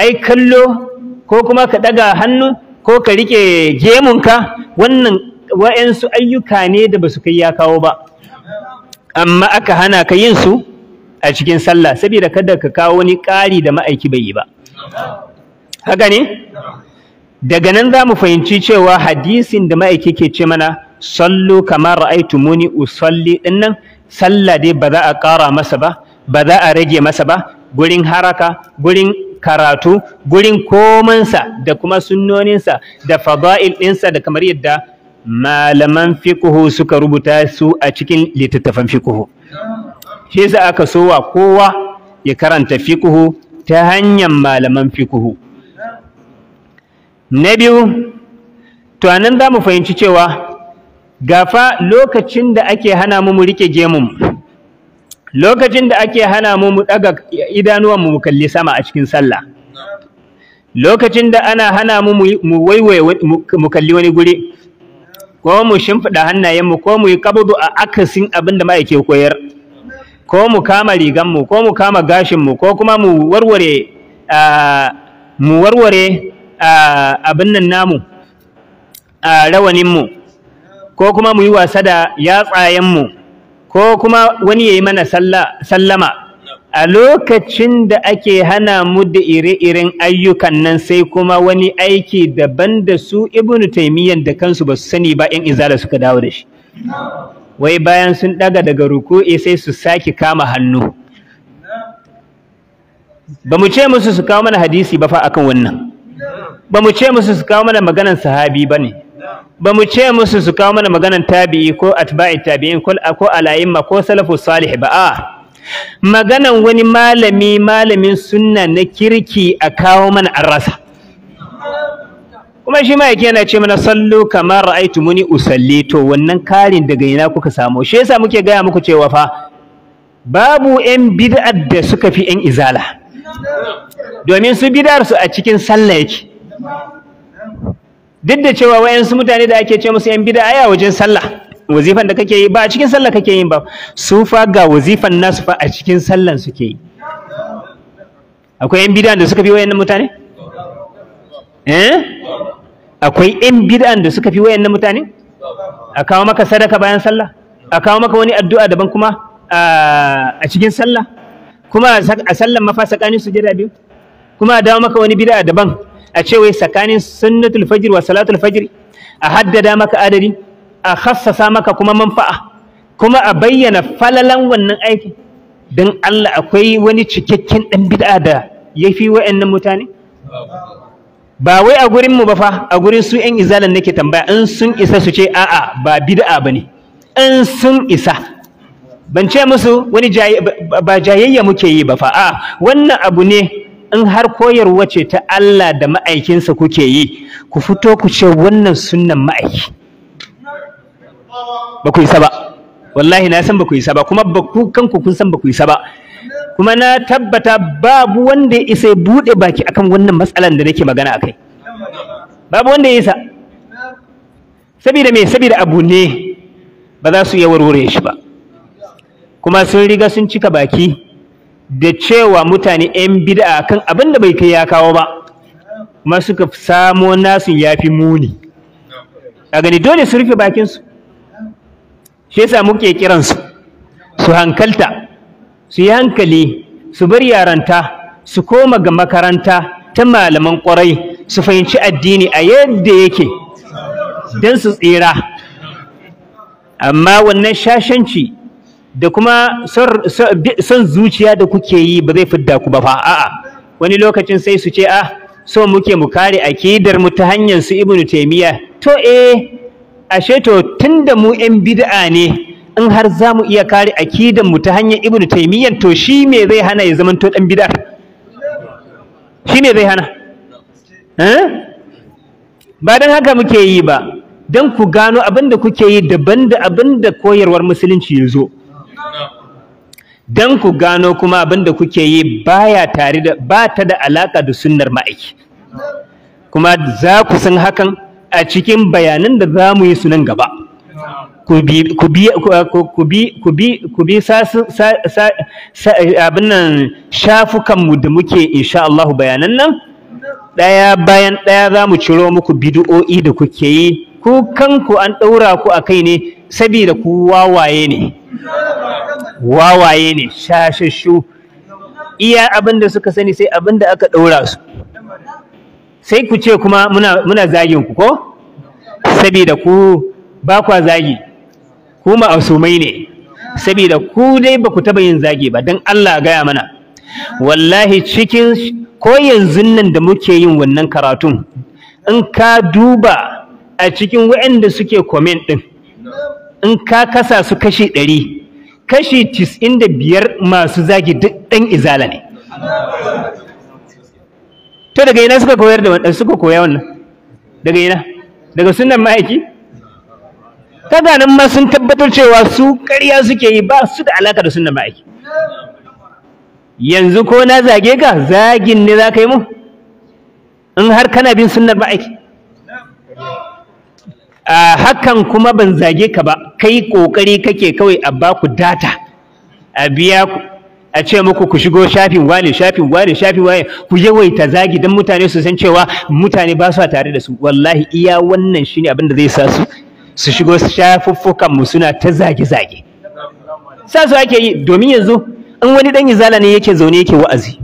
ai kallo ko kuma ka daga hannu ko ka rike gemunka wannan wa'yansu ayyuka ne da basu kai ya kawo ba amma aka hana ka yin su a cikin sallah saboda kada ka kawo wani ƙari da ma'aiki bai yi ba haka ne daga nan za mu fahimci cewa hadisin da ma'aiki ke ce mana sallu kamar Muni, usalli din nan sallah dai ba za a ƙara masa ba ba za a rage masa ba gurin haraka gurin karatu gurin komansa da kuma sunnoninsa da fada'il ɗinsa da kamar yadda malaman fiƙuhu suka rubuta su a cikin littattafan fiƙuhu. shi yasa aka sowa kowa ya karanta fikuhu ta hanyar malaman fikuhu. na biyu to anan za mu fahimci cewa gafa lokacin da ake hana mu mu rike gemun lokacin da ake hana mu mu daga idanuwan mu kalli sama a cikin sallah lokacin da ana hana mu mu waiwaye mu kalli wani guri ko mu shimfiɗa mu ko mu yi kabudu a akasin abinda da ma'aike koyar ko mu kama riganmu ko mu kama gashinmu ko kuma mu warware mu warware abin nan namu a rawaninmu ko kuma mu yi wasa da yatsayenmu ko kuma wani ya yi mana sallama a lokacin da ake hana mu da ire-iren ayyukan nan sai kuma wani aiki daban da su ibnu taimiyyar da kansu ba su sani ba 'yan izala suka dawo da shi wai bayan sun daga daga ruku'i sai su saki kama hannu ba mu ce musu su kawo mana hadisi ba fa akan wannan ba mu ce musu su kawo mana maganan sahabi ba ne ba mu ce musu su kawo mana maganan tabi'i ko atba'i tabi'in ko alayimma ko salafu salih ba a maganan wani malami malamin sunna na kirki a kawo mana an rasa kuma shi ma yake yana ce mana sallu kamar muni usalli to wannan karin daga ina kuka samu shi yasa muke gaya muku cewa fa babu yan bid'ar da suka fi yan izala domin su bid'ar su a cikin sallah yake duk da cewa wayansu mutane da ake ce musu yan bid'a a wajen sallah wazifan da kake yi ba a cikin sallah kake yin ba su fa ga wazifan nasu fa a cikin sallan suke yi akwai yan bid'a da suka fi wayannan mutane eh akwai ƴan bid'an da suka fi wayannan mutane a kawo maka sadaka bayan sallah a kawo maka wani addu'a daban kuma a cikin sallah kuma a sallan mafa tsakanin gida biyu kuma a dawo maka wani bid'a daban a ce wai tsakanin sunnatul fajr wa salatul fajr a haddada maka adadi a khassasa maka kuma manfa'a kuma a bayyana falalan wannan aikin don Allah akwai wani cikakken ɗan bid'a da ya fi wa'annan mutane ba wai a gurin mu ba fa a gurin su ƴan izalan nake tambaya in sun isa su ce a'a ba bid'a bane in sun isa ban ce musu wani ba jayayya muke yi ba fa a wannan abu ne in har koyarwa ce ta Allah da ma'aikinsa kuke yi ku fito ku ce wannan sunnan ma'aiki ba ku isa ba wallahi na san ba ku isa ba kuma ba ku kanku kun san ba ku isa ba kuma na tabbata babu wanda ya isa ya buɗe baki akan wannan matsalan da nake magana akai babu wanda ya isa saboda me saboda abu ne ba za su iya warware shi ba kuma sun riga sun cika baki da cewa mutane 'yan bid'a kan abin da bai kai ya kawo ba kuma suka samo nasu yafi muni a gani dole su rufe bakinsu shi yasa muke kiransu su hankalta su yi hankali su bar yaranta su koma ga makaranta ta malaman ƙwarai su fahimci addini a yadda yake don su tsira amma wannan shashanci da kuma son zuciya da kuke yi ba zai fidda ku ba fa a'a wani lokacin sai su ce a, ah, so muke mu kare akidar mu ta hanyar su ibnu taymiya to eh ashe to tunda mu yan bid'a ne in har za mu iya kare akidan mu ta hanyar ibnu taimiyyan to shi me zai hana ya to dan bid'a shi me zai hana eh? ba dan haka muke yi ba dan ku gano abin da kuke yi daban da abin koyarwar musulunci ya zo dan ku gano kuma abin kuke yi baya tare da ba ta da alaka da sunnar ma'aiki kuma za ku san hakan a cikin bayanan da za mu yi su nan gaba ku bi ku bi abin nan shafukanmu da muke insha Allah bayanan nan ɗaya bayan ɗaya za mu ciro muku bidiyo'i da kuke yi ku kanku an ɗaura ku a kai ne saboda ku wawaye ne wawaye ne shashashu iya abin da suka sani sai abin da aka ɗaura su sai ku ce kuma muna zagin ku ko saboda ku ba kwa zagi kuma asumai ne saboda ku dai ba ku taɓa yin zagi ba don Allah gaya mana wallahi cikin ko yanzu nan da muke yin wannan karatun in ka duba a cikin waɗanda suke comment ɗin in ka kasa su kashi ɗari kashi 95 da biyar masu zagi duk dan izala ne to daga ina suka koyar da suka koya wannan daga ina daga sunan ma'aiki kaga nan ma sun tabbatar cewa su ƙarya suke yi ba su da alaka da sunna ma'aiki yanzu ko na zage ka zagin ne za ka yi mu in har kana bin sunnar ma'aiki a hakan kuma ban zage ka ba kai kokari kake kawai a ba ku data a biya ku a ce muku ku shigo shafin wane shafin wane shafin wane ku yawaita zagi dan mutane su san cewa mutane ba su tare da su wallahi iya wannan shine abin da zai sa su su shigo mu suna ta zage-zage sa su ake yi domin yanzu in wani ɗan izala ne yake zaune yake wa'azi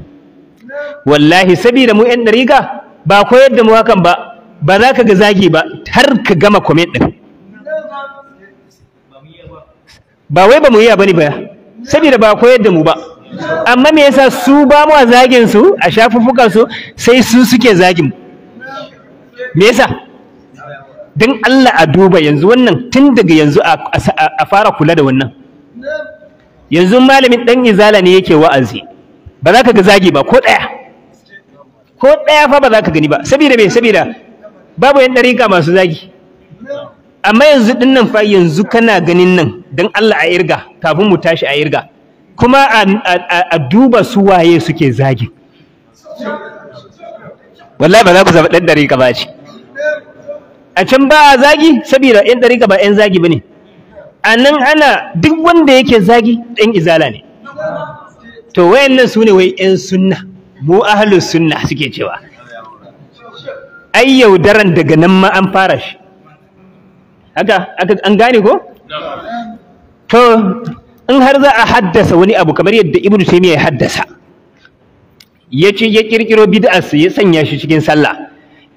wallahi saboda mu 'yan dariga ba koyar da mu hakan ba ba za ka ga zagi ba har ka gama comment din ba wai ba mu iya bane ba saboda ba koyar da mu ba amma me yasa su ba mu a zagin su a shafuffukan su sai su suke zagin mu me yasa don Allah a duba yanzu wannan tun daga yanzu a fara kula da wannan yanzu malamin ɗan izala ne yake wa'azi ba za ka ga zagi ba ko ɗaya ko ɗaya fa ba za ka gani ba saboda me saboda babu yan ɗariƙa masu zagi amma yanzu ɗin nan fa yanzu kana ganin nan don Allah a irga kafin mu tashi a irga kuma a duba su waye suke zagi. wallahi ba za ku zama ɗan ɗariƙa ba ce a can ba a zagi saboda yan ɗariƙa ba yan zagi ba ne. a nan ana duk wanda yake zagi ɗan izala ne to wayannan su ne wai yan sunna mu sunna suke cewa ai yaudaran daga nan ma an fara shi haka an gane ko to in har za a haddasa wani abu kamar yadda ibnu taymiya ya haddasa ya ce ya kirkiro bid'arsa ya sanya shi cikin sallah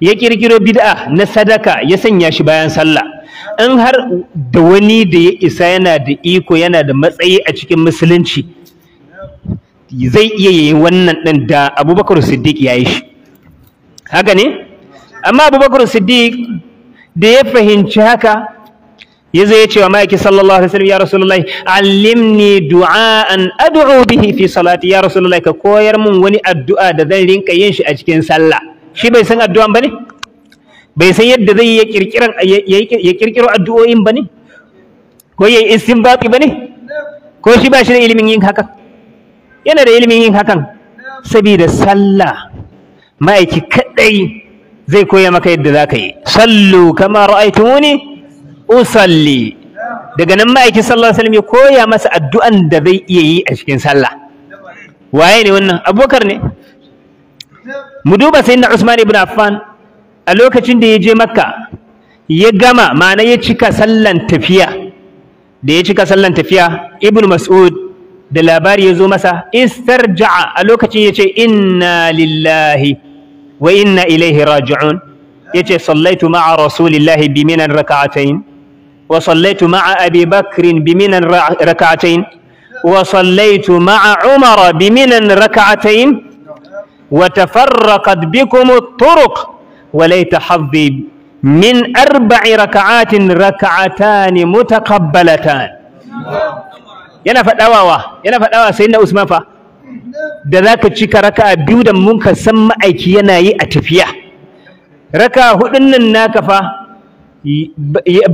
ya kirkiro bid'a na sadaka ya sanya shi bayan sallah in har da wani da ya isa yana da iko yana da matsayi a cikin musulunci zai iya yi wannan din da Abubakar Siddiq ya yi shi haka ne amma Abubakar Siddiq da ya fahimci haka ya ya ce wa ma'aiki sallallahu alaihi wasallam ya rasulullahi allimni du'a'an ad'u bihi fi salati ya rasulullahi ka koyar mun wani addu'a da zan rinka yin shi a cikin sallah shi bai san addu'an ba ne bai san yadda zai ya kirkiro addu'o'in ba ne ko ya yi istinbati ba ne ko shi ba shi da ilimin yin hakan yana da ilimin yin hakan saboda sallah ma'aiki kadai zai koya maka yadda za ka yi sallu kama muni usalli daga nan ma'aiki sallallahu alaihi wasallam ya koya masa addu'an da zai iya yi a cikin sallah waye ne wannan abubakar ne mu duba sayyidina Usman ibn Affan a lokacin da ya je Makka ya gama ma'ana ya cika sallan tafiya da ya cika sallan tafiya Ibn Mas'ud da labari ya zo masa istarja'a a lokacin ya ce inna lillahi wa inna ilaihi raji'un ya ce sallaitu ma'a rasulillahi biminan raka'atain wa sallaitu ma'a abi bakrin biminan raka'atain wa sallaitu ma'a umara biminan raka'atain وتفرقت بكم الطرق وليت حظي من أربع ركعات ركعتان متقبلتان yana faɗawawa yana faɗawa sai na Usman fa da zaka cika raka'a biyu da mun ka san ma'aiki yana yi a tafiya raka'a hudun nan naka fa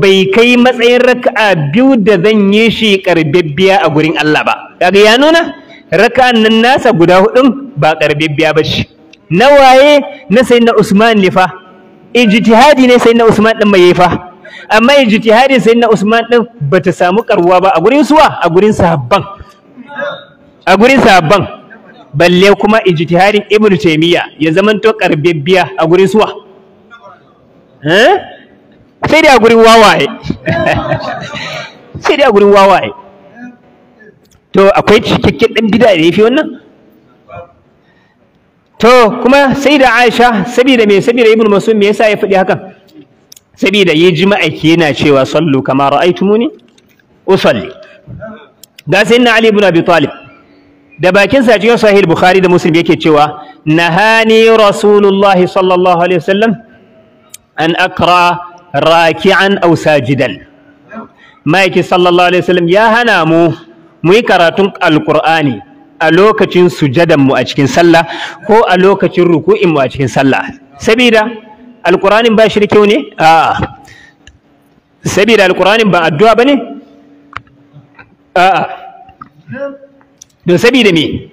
bai kai matsayin raka'a biyu da zan yi shi karbabbiya a gurin Allah ba kaga ya nuna raka'an nan nasa guda hudun ba karbibbiya ba shi na waye na sayyidina Usman ne fa ijtihadi ne sayyidina Usman din mai fa amma sai sayyidina Usman din bata samu karuwa ba a gurin suwa a gurin sahabban a gurin sahabban balle kuma ijtihadin ibnu taymiya ya zamanto karbibbiya a gurin suwa eh sai da a gurin wawaye sai da a gurin wawaye to akwai cikakken ɗan bida da ya fi wannan to kuma sai da aisha saboda me saboda ibn masud me yasa ya faɗi haka saboda ya ji ma'aiki yana cewa sallu kama ra'aitumuni usalli da sai na ali ibn abi talib da bakin sa cikin sahih bukhari da muslim yake cewa nahani rasulullahi sallallahu alaihi wasallam an akra raki'an aw sajidan ma'aiki sallallahu alaihi wasallam ya hana mu mu yi karatun alkur'ani a lokacin sujadanmu a cikin sallah ko a lokacin ruku'inmu a cikin sallah sabida alkur'anin ba shi da kyau ne a'a sabida alkur'anin ba addu'a ba ne? a'a don sabida me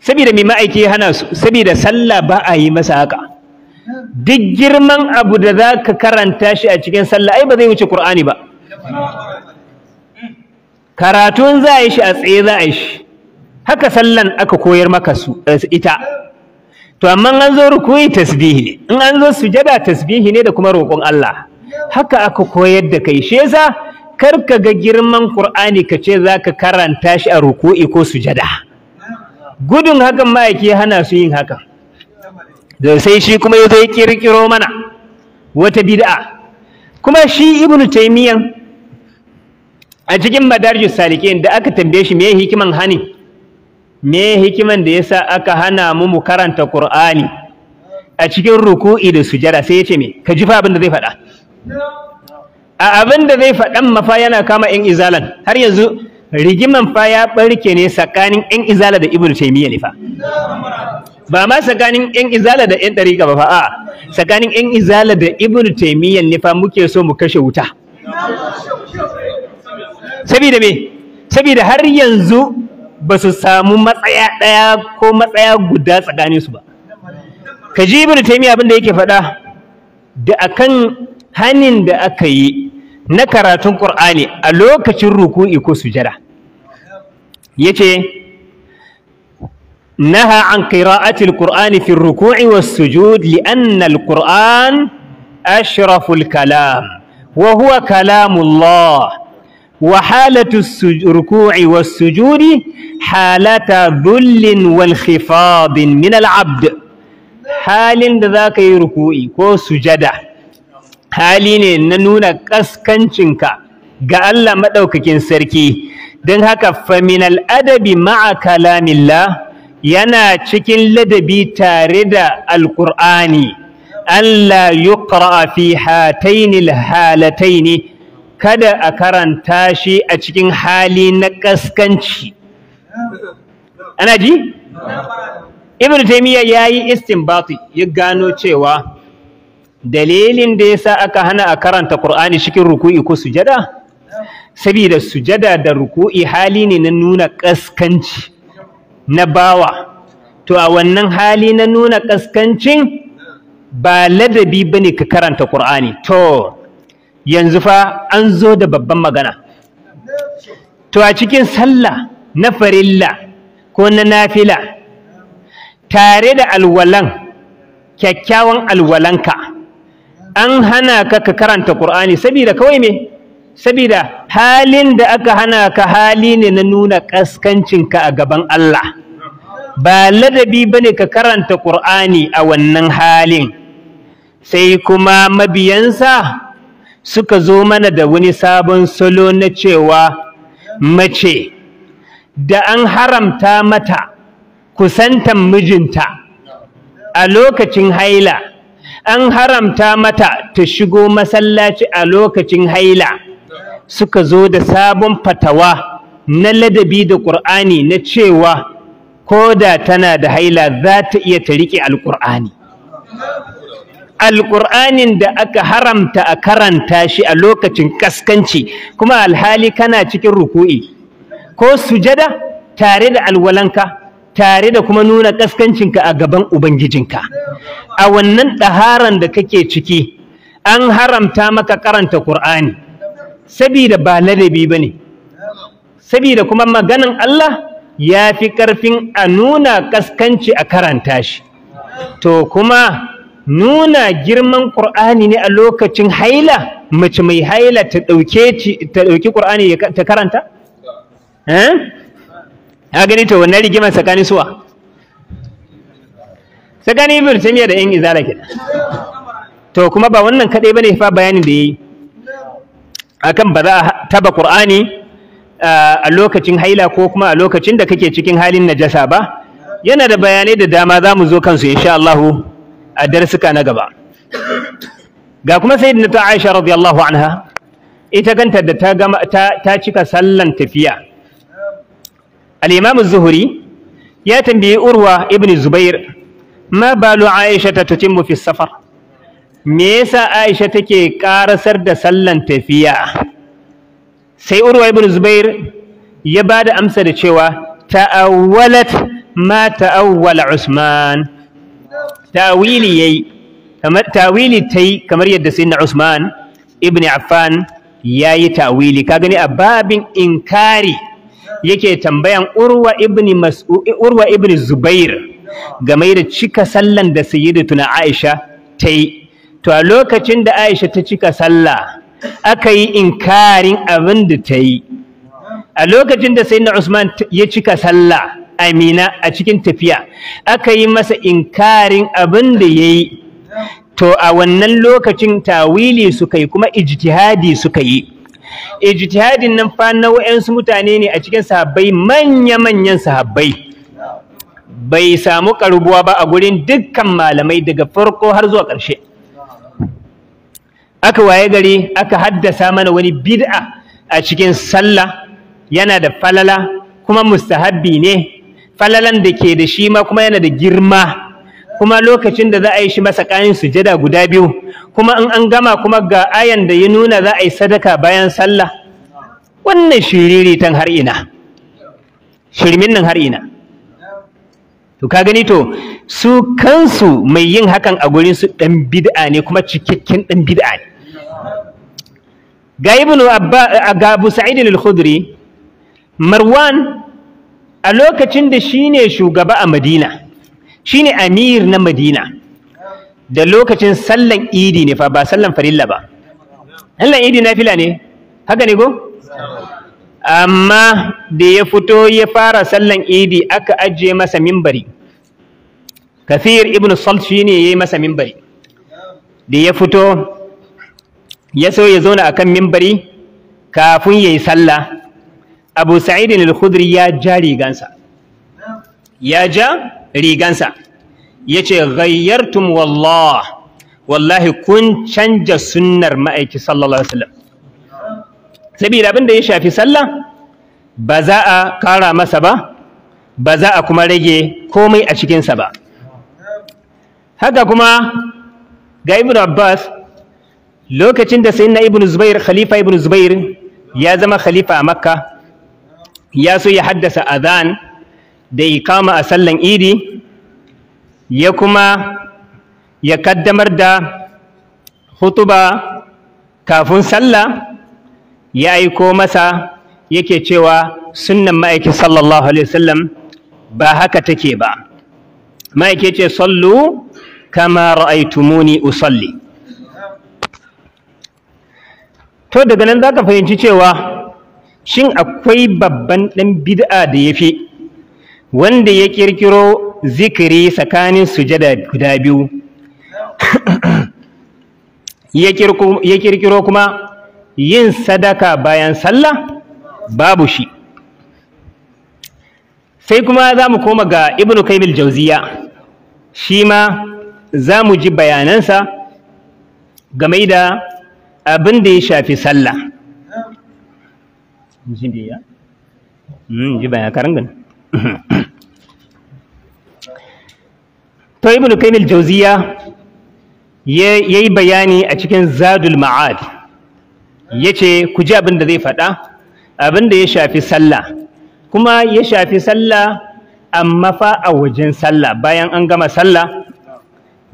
sabida me ma'aiki hana su sabida sallah ba a yi masa haka duk girman abu da za ka karanta shi a cikin sallah ai ba zai wuce ƙur'ani ba karatun za a yi shi a tsaye za a yi shi haka sallan aka koyar maka su ita to amma an zo rukuyi tasbihi ne in an zo sujada tasbihi ne da kuma roƙon Allah haka aka koyar da kai shi yasa kar ka ga girman Qur'ani ka ce zaka karanta shi a ruku'i ko sujada gudun hakan ma yake hana su yin haka da sai shi kuma ya zo ya kirkiro mana wata bid'a kuma shi ibnu taymiyyah a cikin madarijin salikin da aka tambaye shi me hikiman hani me hikiman da yasa aka hana mu mu karanta qur'ani a cikin ruku'i da sujada sai yace me ka ji fa abin da zai faɗa a abin da zai fadan mafa yana kama in izalan har yanzu rigiman fa ya barke ne tsakanin in izala da ibnu taymiya ne fa ba ma tsakanin in izala da 'yan dariqa ba fa a tsakanin in izala da ibnu taymiya ne fa muke so mu kashe wuta saboda me saboda har yanzu ba su samu matsaya ɗaya ko matsaya guda tsakanin su ba ka ibnu taymiya abin da yake faɗa da akan hanin da aka yi na karatun qur'ani a lokacin ruku'i ko sujada yace نهى عن قراءة القرآن في الركوع والسجود لأن القرآن أشرف الكلام وهو كلام الله wa halatu ruku'i was sujudi halata dhullin wal khifadin min al abd halin da ka yi ruku'i ko sujada hali ne na nuna kaskancinka ga Allah madaukakin sarki Dan haka faminal adabi ma'a kalamillah yana cikin ladabi tare da alkur'ani Allah yuqra fi hataini halataini kada a karanta shi a cikin hali na ƙaskanci, ana ji ibnu taymiya yayi istinbati ya gano cewa dalilin da yasa aka hana a karanta qur'ani cikin ruku'i ko sujada Sabida sujada da ruku'i hali ne na nuna kaskanci na bawa to a wannan hali na nuna kaskancin ba ladabi bane ka karanta qur'ani to yanzu fa an zo da babban magana to a cikin sallah na farilla ko na nafila tare da alwalan kyakkyawan alwalanka an hana ka ka karanta Qur'ani saboda kawai me saboda halin da aka hana ka hali ne na nuna kaskancinka a gaban Allah ba ladabi bane ka karanta Qur'ani a wannan halin sai kuma mabiyansa suka zo mana da wani sabon salo na cewa mace da an haramta mata kusantan mijinta a lokacin haila an haramta mata ta shigo masallaci a lokacin haila suka zo da sabon fatawa na ladabi da ƙur'ani na cewa ko da tana da haila za ta iya ta riƙe alƙur'ani alƙur'anin da aka haramta a karanta shi a lokacin ƙaskanci, kuma alhali kana cikin ruku'i ko sujada tare da alwalanka tare da kuma nuna kaskancinka a gaban ubangijinka a wannan ɗaharan da kake ciki an haramta maka karanta ƙur'ani sabida ba ladabi ba ne sabida kuma maganan Allah ya fi ƙarfin a nuna ƙaskanci a karanta shi to kuma nuna girman Qur'ani ne a lokacin haila mace mai haila ta ɗauke ta ɗauki Qur'ani ta karanta eh ya gani to wannan rigima tsakanin suwa tsakanin Ibn Taymiyyah da in izala kida to kuma ba wannan kadai bane fa bayanin da yayi akan ba za a taba Qur'ani eh, a lokacin haila ko kuma a lokacin da kake cikin halin najasa ba yana da bayanai da dama za mu zo kansu insha Allahu a darsuka na gaba ga kuma sayyidina ta Aisha radiyallahu anha ita kanta da ta gama ta, cika sallan tafiya al-Imam az-Zuhri ya tambayi Urwa ibn Zubair ma balu Aisha ta tutimmu fi safar me yasa Aisha take karasar da sallan tafiya sai Urwa ibn Zubair ya bada amsa da cewa ta'awwalat ma ta'awwala Usman tawili yayi kamar tawili tai kamar yadda sayyidina Usman ibn Affan yayi tawili ka gani a babin inkari yake tambayan Urwa ibn Mas'ud Urwa ibn Zubair game da cika sallan da sayyidatuna Aisha tai to a lokacin da Aisha ta cika sallah aka yi inkarin abin da ta yi a lokacin da sayyidina Usman ya cika sallah amina a cikin tafiya aka yi masa inkarin abin da ya yi to a wannan lokacin tawili suka yi kuma ijtihadi suka yi ijtihadin nan fa na wa'yansu mutane ne a cikin sahabbai manya-manyan sahabbai bai samu karbuwa ba a gurin dukkan malamai daga farko har zuwa ƙarshe aka waye gari aka haddasa mana wani bid'a a cikin sallah yana da falala kuma mustahabbi ne falalan da ke da shi ma kuma yana da girma kuma lokacin da za a yi shi masa ƙayin sujada guda biyu kuma in an gama kuma ga ayan da ya nuna za a yi sadaka bayan sallah wannan shiriritan har ina shirmin nan har ina to ka gani to su kansu mai yin hakan a gurin su dan bid'a ne kuma cikakken dan bid'a ne ga ibnu abba ga abu sa'id al-khudri marwan a lokacin da shi ne shugaba a madina shi ne amir na madina da lokacin sallan idi ne fa ba sallan farilla ba sallan idi na fila ne haka ne ko amma da ya fito ya fara sallan idi aka ajiye masa mimbari kafir ibn salt shi ne ya yi masa mimbari da ya fito ya so ya zauna akan mimbari kafin ya yi sallah Abu Sa'id al-Khudri ya ja rigansa ya ja rigansa yace ghayyartum wallah wallahi kun canja sunnar ma'aiki sallallahu alaihi wasallam saboda abin da ya shafi sallah ba za a kara masa ba ba za a kuma rage komai a cikinsa ba haka kuma ga ibn abbas lokacin da sayyidina ibn zubair khalifa ibn zubair ya zama khalifa a makka ya so ya haddasa azan da ikama a sallan idi ya kuma ya kaddamar da hutuba kafin sallah ya aiko masa yake cewa sunnan ma'aikin sallallahu alaihi wasallam ba haka take ba ma'aikin ce sallu kama ra'aitumuni usalli to daga nan zaka fahimci cewa shin akwai babban ɗan bid'a da ya fi wanda ya ƙirƙiro zikiri tsakanin sujada guda biyu ya ƙirƙiro kuma yin sadaka bayan sallah babu shi sai kuma za mu koma ga ibnu kaimil jauziya shi ma za mu ji bayanansa game da abin da ya shafi sallah Hindi ya. Hmm, ji baya karangan. to ibnu Qayyim jauziya jawziya yayi bayani a cikin Zadul Ma'ad. Yace ku ji abin da zai faɗa, abin da ya shafi sallah. Kuma ya shafi sallah amma fa a wajen sallah bayan an gama sallah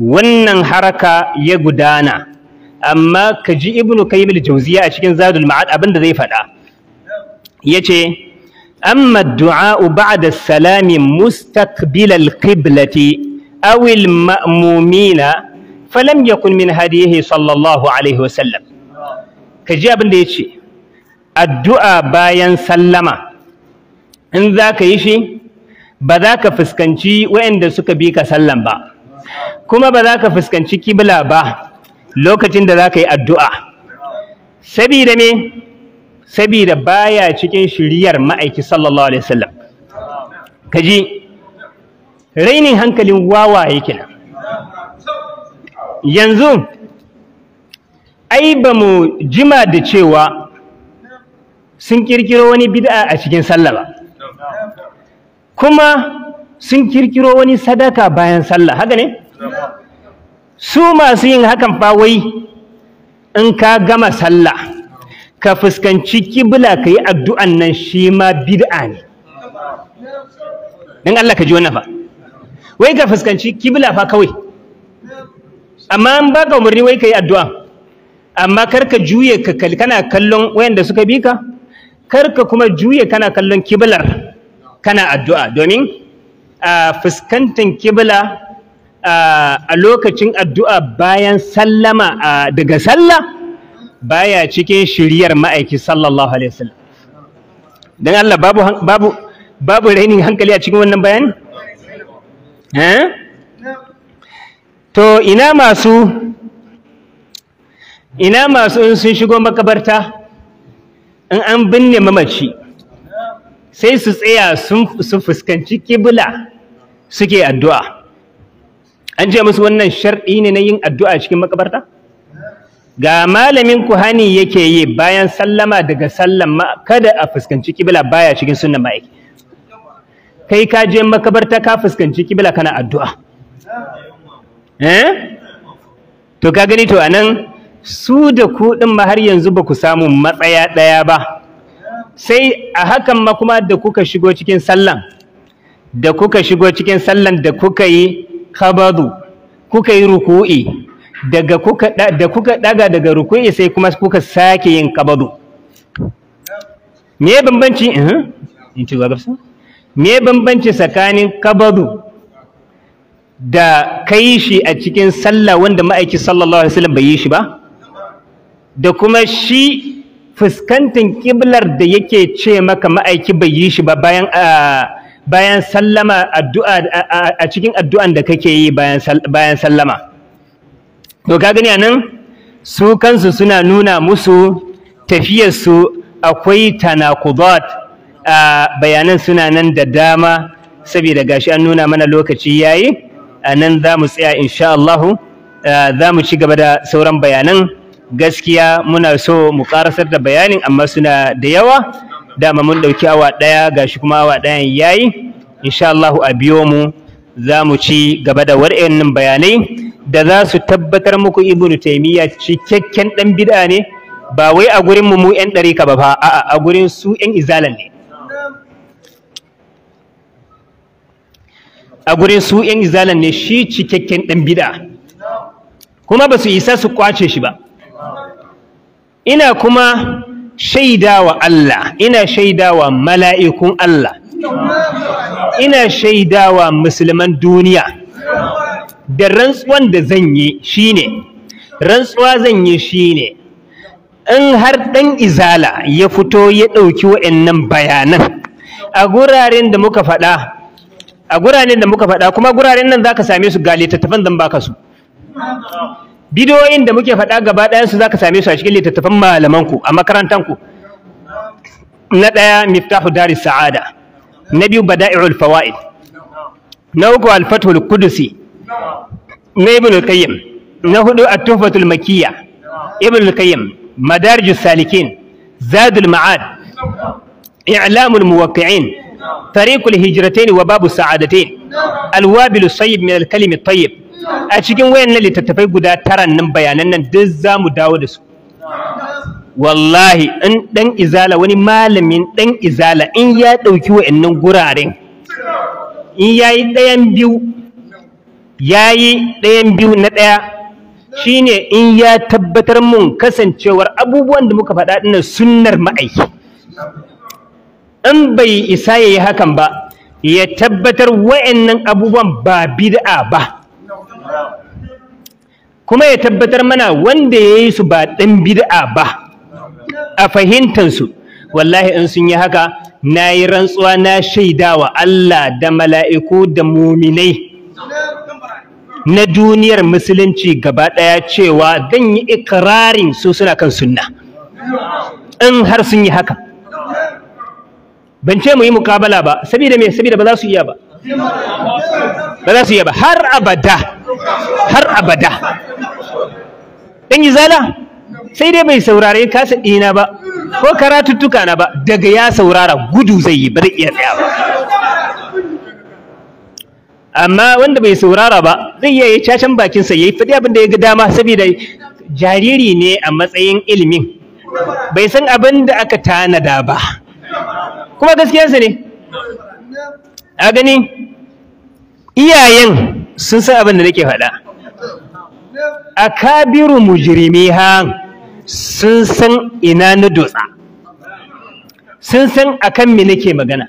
wannan haraka ya gudana amma ka ji ibnu kayyim al-jawziya a cikin zadul ma'ad abin da zai faɗa yace amma du'a'u ba'da salami mustaqbil al-qiblati aw al-ma'mumina falam yakun min hadihi sallallahu alaihi wasallam kaji abin da yace addu'a bayan sallama in ka yi shi ba za ka fuskanci waɗanda suka bi ka sallan ba kuma ba za ka fuskanci kibla ba lokacin da za ka yi addu'a sabida me saboda baya cikin shiriyar ma'aiki sallallahu alaihi wasallam kaji rainin hankalin yake kenan yanzu ai ba mu jima da cewa sun kirkiro wani bid'a a cikin sallah ba kuma sun kirkiro wani sadaka bayan sallah haka ne su masu yin hakan fa wai in ka gama sallah ka fuskanci kibla ka yi addu'an nan shi ma bid'a ne don Allah ka ji wannan fa wai ka fuskanci kibla fa kawai amma an ka umarni wai ka yi addu'a amma kar ka juye ka kalli kana kallon wayanda suka bi ka kar ka kuma juye kana kallon kiblar kana addu'a domin a fuskantar kibla a lokacin addu'a bayan sallama daga sallah baya cikin shiriyar ma'aiki sallallahu alaihi wasallam dan Allah babu babu babu rainin hankali a cikin wannan bayani eh to ina masu ina masu in sun shigo makabarta in an binne mamaci sai su tsaya sun fuskanci kibla suke addu'a an ce musu wannan sharɗi ne na yin addu'a cikin makabarta ga malamin ku hani yake yi bayan sallama daga sallan kada a fuskanci kibla baya cikin sunnan ma'aiki kai ka je makabarta ka fuskanci kibla kana addu'a eh to ka gani to anan su da ku din ma har yanzu ba ku samu matsaya daya ba sai a hakan ma kuma da kuka shigo cikin sallan da kuka shigo cikin sallan da kuka yi khabadu kuka yi ruku'i daga kuka da kuka daga daga ruku'i sai kuma kuka sake yin qabdu me bambanci eh in ci gaba me bambanci tsakanin qabdu da kai shi a cikin sallah wanda ma'aiki sallallahu alaihi wasallam bai yi shi ba da kuma shi fuskantin kiblar da yake ce maka ma'aiki bai yi shi ba bayan bayan sallama addu'a a cikin addu'an da kake yi bayan sallama to ka gani anan su kansu suna nuna musu tafiyarsu akwai tanakubat a bayanan suna nan da dama saboda gashi an nuna mana lokaci yayi a nan za mu tsaya insha Allah za mu ci gaba da sauran bayanan gaskiya muna so mu karasar da bayanin amma suna da yawa dama mun ɗauki awa ɗaya gashi kuma awa ɗaya yayi insha Allah a biyo mu za mu ci gaba da waɗannan bayanai da za su tabbatar muku ibnu taimiyya cikakken dan bid'a ne ba wai a gurin mu yan ɗarika ba fa a'a a gurin su yan izalan ne a gurin su yan izalan ne shi cikakken ɗan bid'a kuma ba su isa su kwace shi ba ina kuma shaidawa Allah ina shaidawa mala'ikun Allah ina shaidawa musulman duniya da rantsuwan da zan yi ne rantsuwa zan yi shine in har ɗan izala ya fito ya ɗauki waannan bayanan a guraren da muka faɗa a guraren da muka faɗa kuma guraren nan za ka same su ga littattafan zan baka su bidiyoyin da muke faɗa gaba ɗayan su ka same su a cikin littattafan malaman ku a makarantan ku na ɗaya miftahu daris sa'ada na biyu badairul fawaid na uku al kudusi na ibn al-qayyim na hudu at-tuhfatul makkiyya ibn al-qayyim as salikin zadul ma'ad i'lamul muwaqqi'in al-wabil as-sayyib min al-kalim at tayyib a cikin wayannan littattafai guda tara nan bayanan nan duk za mu dawo da su wallahi in dan izala wani malamin dan izala in ya dauki wayannan guraren in yayi dayan biyu ya yi ɗayan biyu na ɗaya shine in ya tabbatar mun kasancewar abubuwan da muka faɗa ɗin sunnar ma'aiki in bai isa ya yi hakan ba ya tabbatar wa'annan abubuwan ba bid'a ba kuma ya tabbatar mana wanda ya yi su ba ɗan bid'a ba a fahimtansu wallahi in sun yi haka na yi rantsuwa na shaidawa Allah da mala'iku da muminai na duniyar musulunci gaba ɗaya cewa zan yi ikirarin su suna kan sunna in har sun yi haka ban ce mu yi mukabala ba saboda me saboda ba za su iya ba ba za su iya ba har abada har abada dan zala? sai dai bai saurare kasa ɗina ba ko karatuttuka na ba daga ya saurara gudu zai yi ba zai iya tsaya ba amma wanda bai saurara ba zai iya yi cacan bakin ya yi faɗi abin da ya ga dama saboda jariri ne a matsayin ilimin bai san abin da aka tanada ba kuma gaskiyarsa ne a gani iyayen sun san abin da nake faɗa akabiru ha sun san ina na dutsa sun san akan me nake magana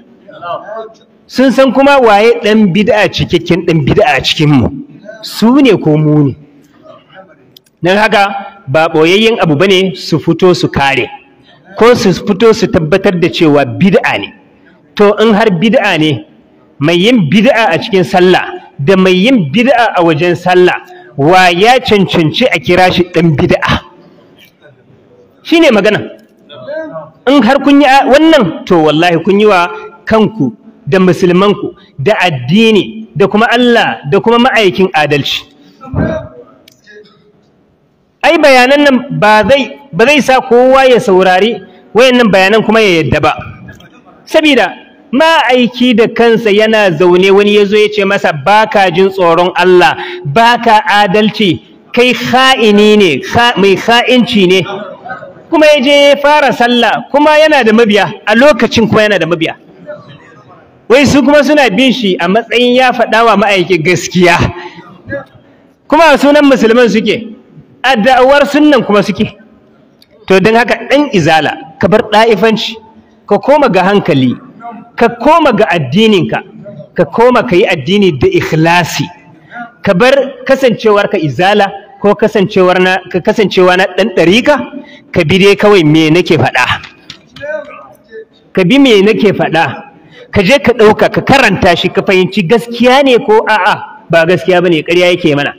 sun san kuma waye ɗan bid'a cikakken ɗan bid'a cikin mu su ne ko mu ne don haka ba ɓoyayyen abu bane su fito su kare ko su fito su tabbatar da cewa bid'a ne to in har bid'a ne mai yin bid'a a cikin sallah da mai yin bid'a a wajen sallah wa ya cancanci a kira shi ɗan bid'a shine magana in har kun yi wannan to wallahi kun yi wa kanku da musulmanku da addini da kuma Allah da kuma ma'aikin adalci ai bayanan nan ba zai ba zai sa kowa ya saurari wayannan bayanan kuma ya yadda ba saboda ma'aiki da kansa yana zaune wani ya zo ya ce masa baka jin tsoron Allah baka adalci kai kha'ini ne mai kha'inci ne kuma yaje ya fara sallah kuma yana da mabiya a lokacin kuma yana da mabiya wai su kuma suna bin shi a matsayin ya faɗa wa ma'aiki gaskiya kuma sunan musulman suke a da'awar sunan kuma suke to don haka ɗan izala ka bar ɗa'ifanci ka koma ga hankali ka koma ga addininka ka koma ka yi addini da ikhlasi ka bar kasancewar ka izala ko kasancewa na ɗan ɗarika ka bi dai kawai me nake faɗa ka bi me nake faɗa Kaje ka ɗauka ka karanta shi ka fahimci gaskiya ne ko a'a ba gaskiya bane ƙarya yake mana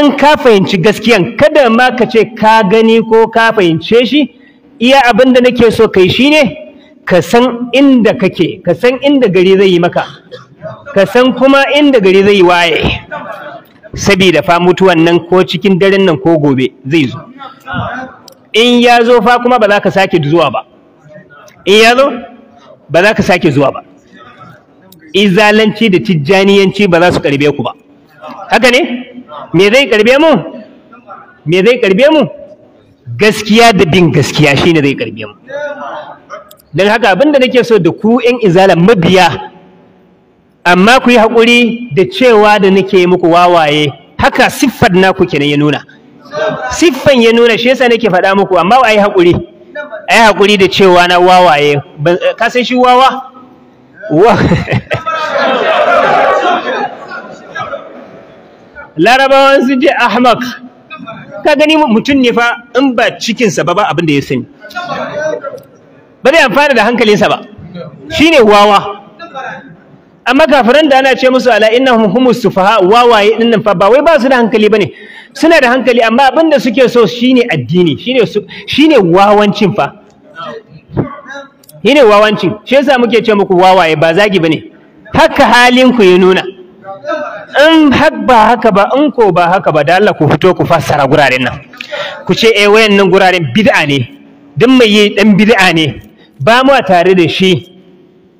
in ka fahimci gaskiyan kada ma ka ce ka gani ko ka fahimce shi iya abin da nake so kai shine ka san inda kake ka san inda gari zai yi maka ka san kuma inda gari zai waye saboda fa mutuwan nan ko cikin daren nan ko gobe zai zo in ya zo fa kuma ba za ka sake zuwa ba in ya zo ba za ka sake zuwa ba izalanci da tijjaniyanci ba za su karbe ku ba haka ne me zai karbe mu me zai karbe mu gaskiya da bin gaskiya shine zai karbe mu don haka abinda nake so da ku yan izala mabiya amma ku yi haƙuri da cewa da nake muku wawaye haka siffar naku kenan ya nuna siffan ya nuna shi yasa nake faɗa muku amma ai hakuri. ai hakuri da cewa na wawaye eh, ka san shi wawa larabawan sun je ahmak ka gani mutum ne fa in ba cikinsa ba ba abin da ya sani ba zai amfana da hankalinsa ba shine wawa amma kafiran da ana ce musu ala innahum humus sufaha wawaye dinnan fa ba wai ba su da hankali bane suna da hankali amma abin da suke so shine addini shine shine wawancin fa shine wawancin shi yasa muke ce muku wawaye ba zagi bane haka halin ku ya nuna in har ba haka ba in ko ba haka ba da Allah ku fito ku fassara guraren nan ku ce eh wayannan guraren bid'a ne duk mai yi dan bid'a ne ba mu tare da shi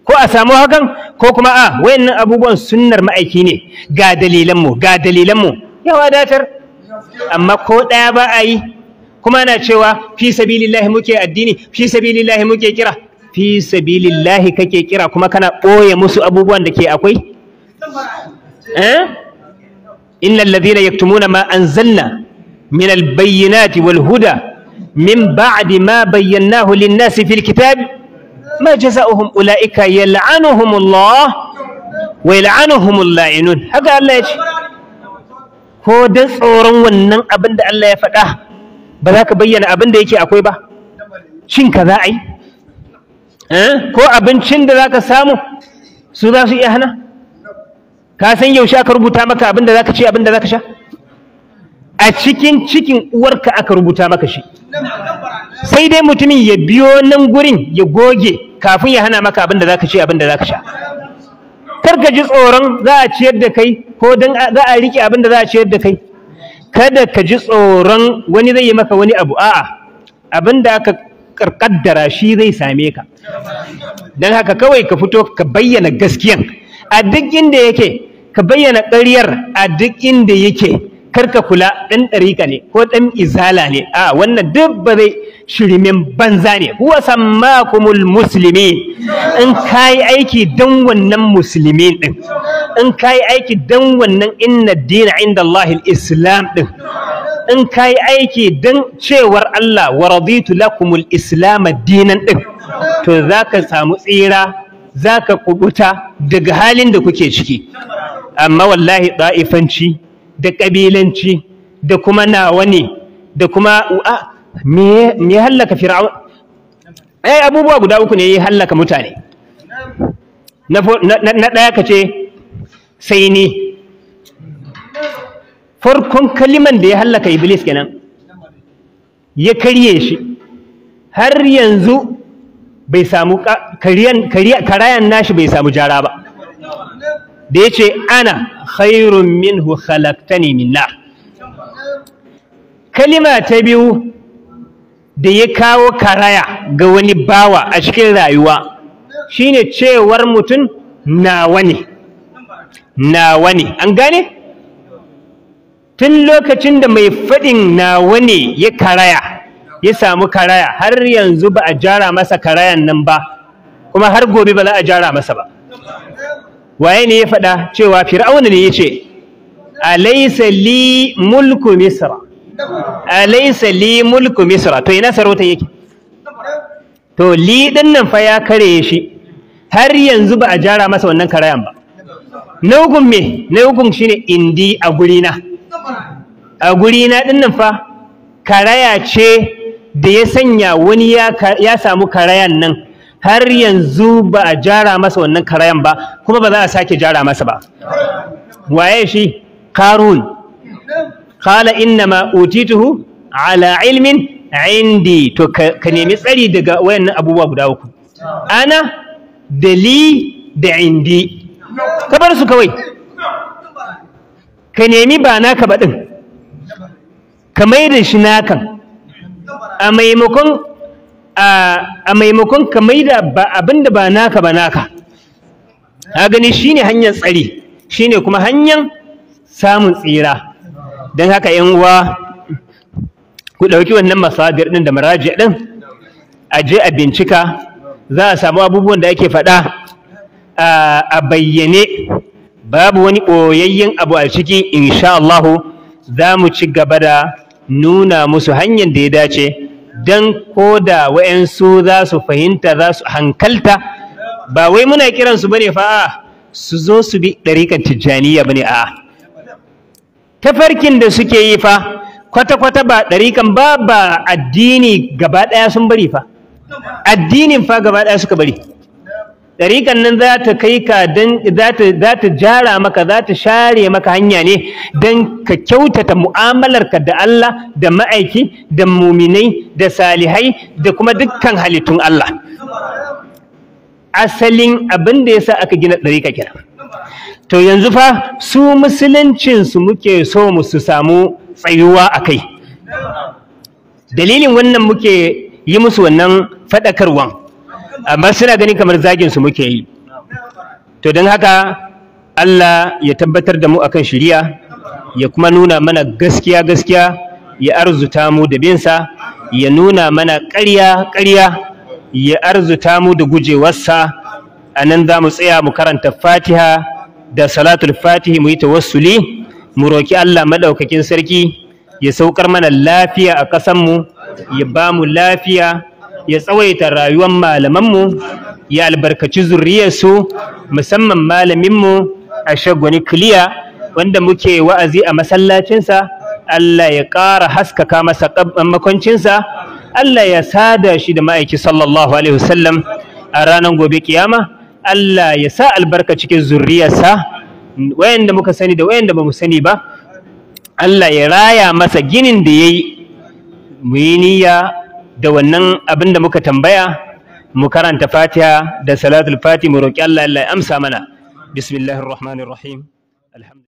ko a samu hakan ko kuma a ah, wayannan abubuwan sunnar ma'aiki ne ga dalilan mu, ga dalilan mu ya datar. amma ko ɗaya ba a yi kuma ana cewa fi sabilillahi muke addini fi sabilillahi muke kira fi sabilillahi kake kira kuma kana ɓoye musu abubuwan da ke akwai eh? innal ladhina yaktumuna ma anzalna min albayyinati wal huda min ba'di ma bayyanahu lin-nasi fil kitab ma jazaohum ulaika yal'anuhumullah wa yal'anuhumul la'inun haka Allah ya ko dan tsoron wannan abin da Allah ya faɗa ba za ka bayyana abin da yake akwai ba shin ka za a yi eh? ko abincin da za ka samu su za su iya hana ka san yaushe aka rubuta maka abin da za ka ci abin da za ka sha a cikin cikin uwarka aka rubuta maka shi sai dai mutumin ya biyo nan gurin ya goge kafin ya hana maka abin da za ka ci abin da za ka sha kar ka ji tsoron za a ciyar da kai ko don za a riƙe abin da za a ciyar da kai kada ka ji tsoron wani zai yi maka wani abu a'a abin da aka karkaddara shi zai same ka don haka kawai ka fito ka bayyana gaskiyan a duk inda yake ka bayyana ƙaryar a duk inda yake karka kula ɗan ɗarika ne ko ɗan izala ne a wannan duk ba zai shirimin banza ne huwa sammakumul muslimin in kai aiki dan wannan muslimin din in kai aiki dan wannan inna dina inda Allahil islam din in kai aiki dan cewar Allah wa raditu lakumul islam dinan din to zaka samu tsira zaka kubuta daga halin da kuke ciki amma wallahi da'ifanci da kabilanci da kuma nawa ne da kuma me me hallaka fir'aun ai abubuwa guda uku ne ya hallaka mutane na na daya kace sai ni farkon kaliman da ya hallaka iblis kenan ya karye shi har yanzu bai samu kariyan karayan nashi bai samu jara ba da yace ana khairun minhu khalaqtani min nar kalima ta biyu da ya kawo karaya ga wani bawa a cikin rayuwa shine cewar mutum nawa ne nawa ne an gane tun lokacin da mai faɗin nawa ne ya karaya ya samu karaya har yanzu ba a jara masa karayan nan ba kuma har gobe ba za a jara masa ba waye ne ya faɗa cewa fir'auna ne ya ce alaysa li mulku misra alaysa eh, li mulku misra to ina sarauta yake to li din nan fa ya kare shi har yanzu ba a jara masa wannan karayan ba na hukum me na hukum shine indi a gurina a gurina din nan fa karaya ce da ya sanya wani ya samu karayan nan har yanzu ba a jara masa wannan karayan ba kuma ba za a sake jara masa ba waye shi karun qala innama utituhu ala ilmin indi to ka nemi tsari daga wayannan abubuwa guda uku ana da li da indi ka bar su kawai ka nemi ba naka ba din ka mai da shi nakan a maimakon a maimakon ka mai da abin da ba ba naka ka gani shine hanyar tsari shine kuma hanyar samun tsira don haka yan uwa ku ɗauki wannan masabir ɗin da maraji ɗin a je a bincika za a samu abubuwan da ake faɗa a bayyane babu wani ɓoyayyen abu a ciki insha Allahu za mu ci gaba da nuna musu hanyar da ya dace don ko da wa'yansu za su fahimta za su hankalta ba wai muna kiransu bane fa su zo su bi ɗarikan tijjaniya bane a'a tafarkin da suke yi fa kwata-kwata ba ɗarikan ba ba addini gaba ɗaya sun bari fa addinin fa gaba ɗaya suka bari ɗarikan nan za ta kai ka don za ta jara maka za ta share maka hanya ne don ka kyautata mu'amalarka da Allah da ma'aiki da muminai da salihai da kuma dukkan halittun Allah asalin abin da ya sa aka gina ɗarika to yanzu fa su musuluncinsu muke so mu su samu tsayuwa a kai dalilin wannan muke yi musu wannan faɗakarwan amma suna ganin kamar zaginsu muke yi to don haka Allah ya tabbatar da mu akan shiriya ya kuma nuna mana gaskiya gaskiya ya arzuta mu da binsa ya nuna mana ƙarya ƙarya ya arzuta mu da gujewarsa a nan za mu tsaya mu karanta fatiha da salatul fatihi mu yi tawassuli mu roki Allah madaukakin sarki ya saukar mana lafiya a ƙasar mu ya ba mu lafiya ya tsawaita rayuwar malaman mu ya albarkaci zuriyar su musamman malamin mu a shagwani kiliya wanda muke wa'azi a masallacinsa Allah ya ƙara haskaka masa makoncinsa Allah ya sada shi da ma'aiki sallallahu alaihi wasallam a ranar gobe kiyama Allah ya sa albarka cikin zurriyarsa wayanda muka sani da wayanda bamu sani ba Allah ya raya masa ginin da yayi mu yi niyya da wannan abin da muka tambaya mu karanta Fatiha da salatul Fati mu roki Allah Allah ya amsa mana bismillahir rahmanir rahim